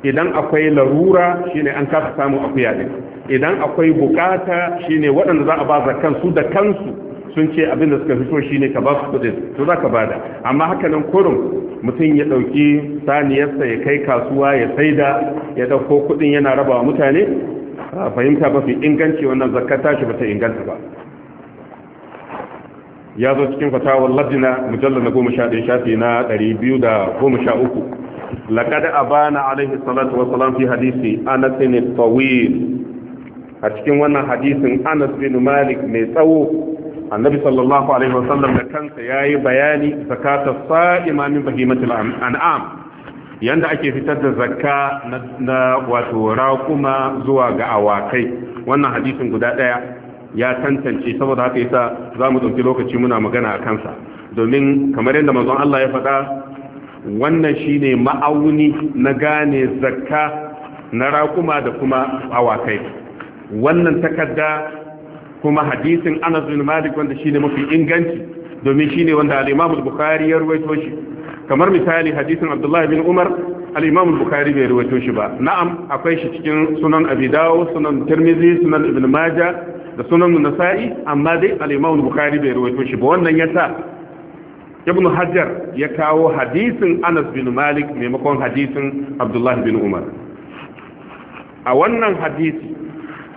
idan akwai larura shine an kasa samu akuya din idan akwai bukata shine waɗanda za a ba zakan su da kansu sun ce abin da suka fito shine ka ba su kudin to za ka bada amma haka nan kurum mutum ya ɗauki saniyarsa ya kai kasuwa ya saida ya ɗauko kudin yana raba rabawa mutane fahimta ba fi inganci wannan zakar tashi ba inganta ba ya zo cikin fatawar lajina mujallar na goma sha ɗaya shafi na ɗari biyu da goma sha uku لقد أبان عليه الصلاة والسلام في حديث أنس الطويل أتكين وانا حديث أنس بن مالك ميتو النبي صلى الله عليه وسلم كان سياي بياني زكاة الصائمة من بهيمة الأنعام yanda ake fitar da zakka na wato raƙuma zuwa ga awakai wannan hadisin guda ɗaya ya tantance saboda haka yasa za mu ɗauki lokaci muna magana a kansa domin kamar yadda manzon Allah ya faɗa wannan shine ma'auni na gane zakka na raƙuma da kuma awakai wannan takarda kuma hadisin Anas bin Malik wanda shine mafi inganci domin shine wanda al-Imam al-Bukhari ya ruwaito shi kamar misali hadisin Abdullahi bin Umar al-Imam al-Bukhari bai ruwaito shi ba na'am akwai shi cikin Sunan Abi Dawud Sunan Tirmidhi Sunan Ibn Majah da Sunan Nasa'i amma dai al-Imam al-Bukhari bai ruwaito shi ba wannan yasa ibn hajar ya kawo hadisin anas bin malik maimakon hadisin abdullahi bin umar a wannan hadisi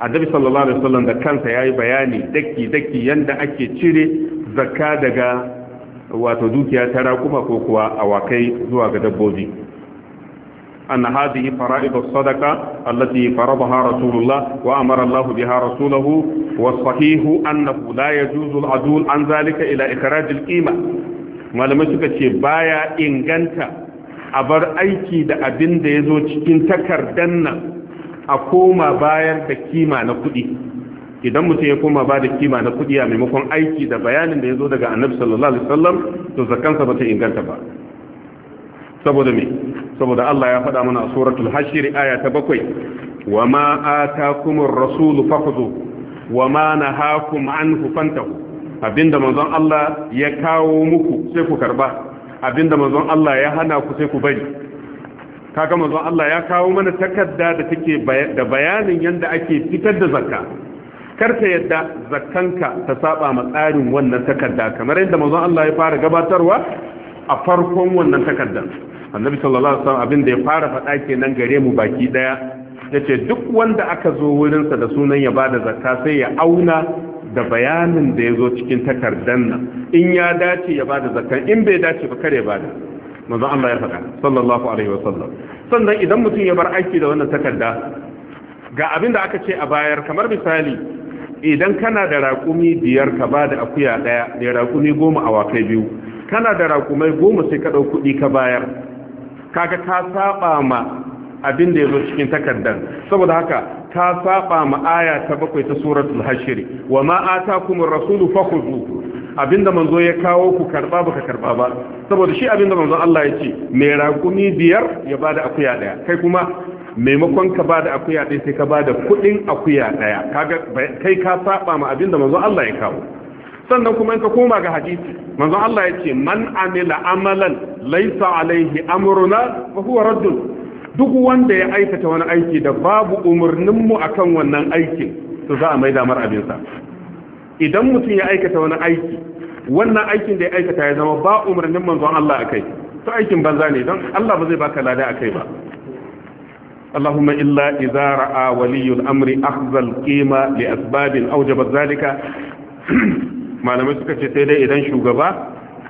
annabi sallallahu alaihi wasallam da kansa yayi bayani daki daki yanda ake cire zakka daga wato dukiya ta rakuma ko kuwa awakai zuwa ga dabbobi أن هذه فرائض الصدقة التي فرضها رسول الله وأمر الله بها رسوله والصحيح أنه لا يجوز العدول عن ذلك إلى إخراج القيمة malamai suka ce baya inganta a bar aiki da abin da ya zo cikin takardar nan a koma bayar da kima na kuɗi idan mutum ya koma ba da kima na kuɗi a maimakon aiki da bayanin da ya zo daga annabi sallallahu alaihi wasallam to zakansa ba ta inganta ba saboda me saboda Allah ya faɗa mana a suratul hashir aya ta bakwai wa ma atakumur rasulu fakhudhu wa ma nahakum anhu fantahu abinda manzon Allah ya kawo muku sai ku karba abinda manzon Allah ya hana ku sai ku bari kaga manzon Allah ya kawo mana takarda da take da bayanin yanda ake fitar da zakka karka yadda zakkanka ta saba ma tsarin wannan takarda kamar yadda manzon Allah ya fara gabatarwa a farkon wannan takardar annabi sallallahu alaihi wasallam abin da ya fara faɗa kenan gare mu baki daya yace duk wanda aka zo wurinsa da sunan ya bada zakka sai ya auna da bayanin da ya zo cikin takardar nan in ya dace ya bada zakkan in bai dace ba kare bada manzo Allah ya faɗa sallallahu alaihi wa sallam sannan idan mutum ya bar aiki da wannan takarda ga abin da aka ce a bayar kamar misali idan kana da raƙumi biyar ka ba da akuya ɗaya da raƙumi goma a wakai biyu kana da raƙumai goma sai ka ɗau kuɗi ka bayar kaga ka saba ma abin da ya zo cikin takardar saboda haka ta saba ma aya ta bakwai ta suratul hashir wa ma atakumur rasulu fakhuzuhu abinda manzo ya kawo ku karba baka karba ba saboda shi abinda manzo Allah ya ce me ragumi biyar ya bada akuya daya kai kuma maimakon ka bada akuya daya sai ka bada kudin akuya daya kaga kai ka saba ma abinda manzo Allah ya kawo sannan kuma in ka koma ga hadisi manzo Allah ya ce man amila amalan laysa alaihi amruna fa huwa raddun duk wanda ya aikata wani aiki da babu umarninmu akan wannan aikin to za a mai damar abinsa idan mutum ya aikata wani aiki wannan aikin da ya aikata ya zama ba umarnin manzon Allah a kai to aikin banza ne don Allah ba zai baka lada a kai ba اللهم إلا إذا رأى ولي الأمر أخذ القيمة لأسباب أوجبت ذلك ما نمسك تتدى إذن شوقبا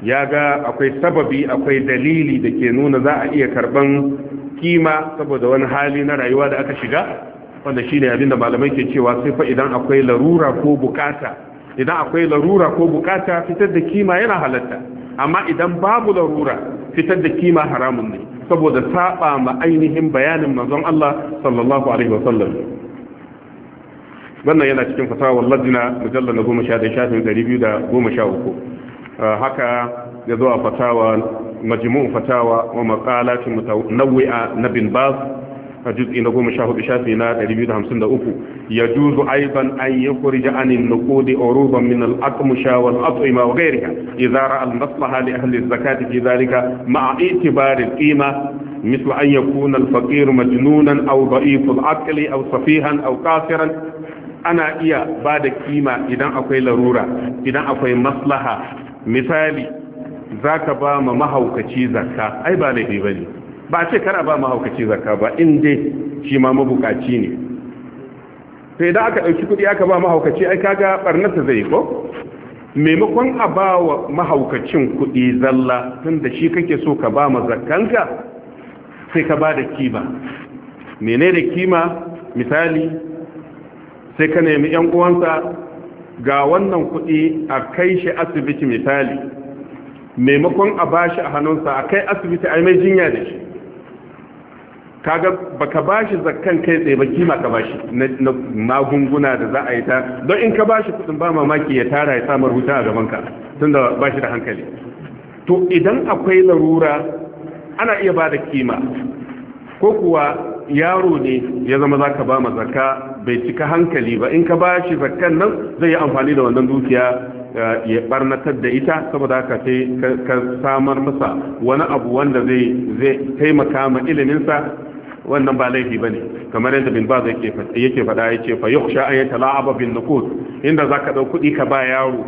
ياغا أكوي سببي أكوي دليلي دكي نون ذا أي كربان kima saboda wani hali na rayuwa da aka shiga wanda shine abin da malamai ke cewa sai fa idan akwai larura ko bukata idan akwai larura ko bukata fitar da kima yana halatta amma idan babu larura fitar da kima haramun ne saboda saba ma ainihin bayanin manzon Allah sallallahu alaihi wasallam wannan yana cikin fasahar ladina mujallal na goma sha da shafin ɗari biyu da goma sha uku ah, haka ya zo a fasawa majmu'u fatawa wa maqalati mutawwi'a na bin baz a juz'i na goma sha hudu shafi na ɗari biyu da hamsin da uku ya juzu aiban an yi kurja an in nukudi oruban min al'akmusha zakati fi zalika ma'a itibari qima مثل أن يكون الفقير مجنونا أو ضعيف العقل أو صفيها أو كافرا ana iya ba da kima idan akwai larura idan akwai maslaha misali za ka ba ma mahaukaci zakka ai ba laifi ba ne ba a ce kara ba mahaukaci zakka ba in shi ma mabukaci ne Sai idan aka ɗauki kuɗi aka ba mahaukaci ai kaga barnata zai ko maimakon a ba wa mahaukacin kuɗi zalla tun da shi kake so ka ba ma zakkanka sai ka ba da kima mene da kima misali sai ka nemi 'yan uwansa ga wannan kuɗi a kai shi asibiti misali maimakon a bashi a hannunsa a kai asibiti a mai jinya da shi kaga baka bashi zakkan kai tsaye ba kima ka bashi na magunguna da za a yi ta don in ka bashi kudin ba mamaki ya tara ya samar wuta a gabanka tunda bashi da hankali to idan akwai larura ana iya ba da kima ko kuwa yaro ne ya zama za ka ba ma zakka bai cika hankali ba in ka bashi zakkan nan zai yi amfani da wannan dukiya ya barnatar da ita saboda haka sai ka samar masa wani abu wanda zai zai taimaka ma iliminsa wannan ba laifi bane kamar yadda bin baz yake yake faɗa yace fa yukhsha an yatala'aba bin nuqud inda zaka dau kuɗi ka ba yaro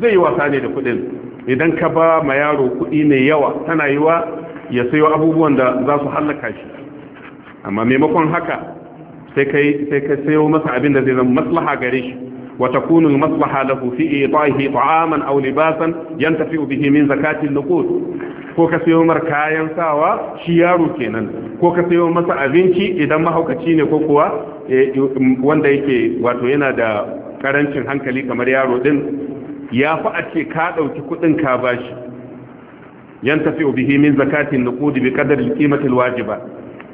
zai yi wasa ne da kuɗin idan ka ba ma yaro kuɗi mai yawa tana wa ya sayo abubuwan da za su hallaka shi amma maimakon haka sai ka sayo masa abin da zai zama maslaha gare shi وتكون المصلحة له في إيطائه طعاما أو لباسا ينتفع به من زكاة النقود ko ka sayo mar kayan sawa shi yaro kenan ko ka sayo masa abinci idan mahaukaci ne ko kuwa eh, wanda yake wato yana da karancin hankali kamar yaro din ya fi a ce ka ɗauki kuɗin ka bashi yan tafi bihi min zakatin nuqudi bi qadari qimati Wahaza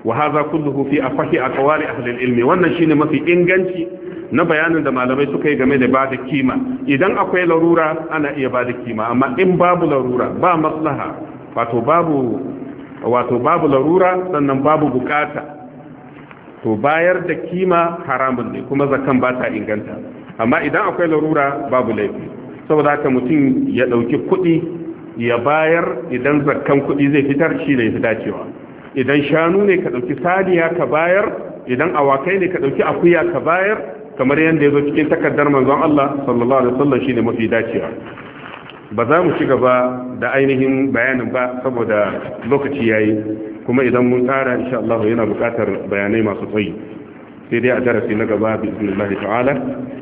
wa hadha kulluhu fi afahi aqwali ahli alilm wannan shine mafi inganci na bayanin da malamai suka yi game da ba da kima idan akwai larura ana iya ba da kima amma in babu larura ba maslaha wato babu wato babu larura sannan babu bukata to bayar da kima haramun ne kuma zakan ba ta inganta amma idan akwai larura babu laifi saboda haka mutum ya ɗauki kuɗi ya bayar idan zakan kuɗi zai fitar shi da ya fi idan shanu ne ka ɗauki saniya ka bayar idan awakai ne ka ɗauki akuya ka bayar kamar yadda ya zo cikin takardar manzon Allah sallallahu alaihi wasallam shine mafi dacewa ba za mu ci gaba da ainihin bayanin ba saboda lokaci yayi kuma idan mun tsara insha Allah yana buƙatar bayanai masu tsayi sai dai a darasi na gaba bi bismillahi ta'ala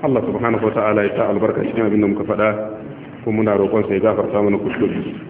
Allah subhanahu wa ta'ala ya sa albarka cikin abin da muka faɗa kuma muna roƙon sa ya gafarta mana kuskure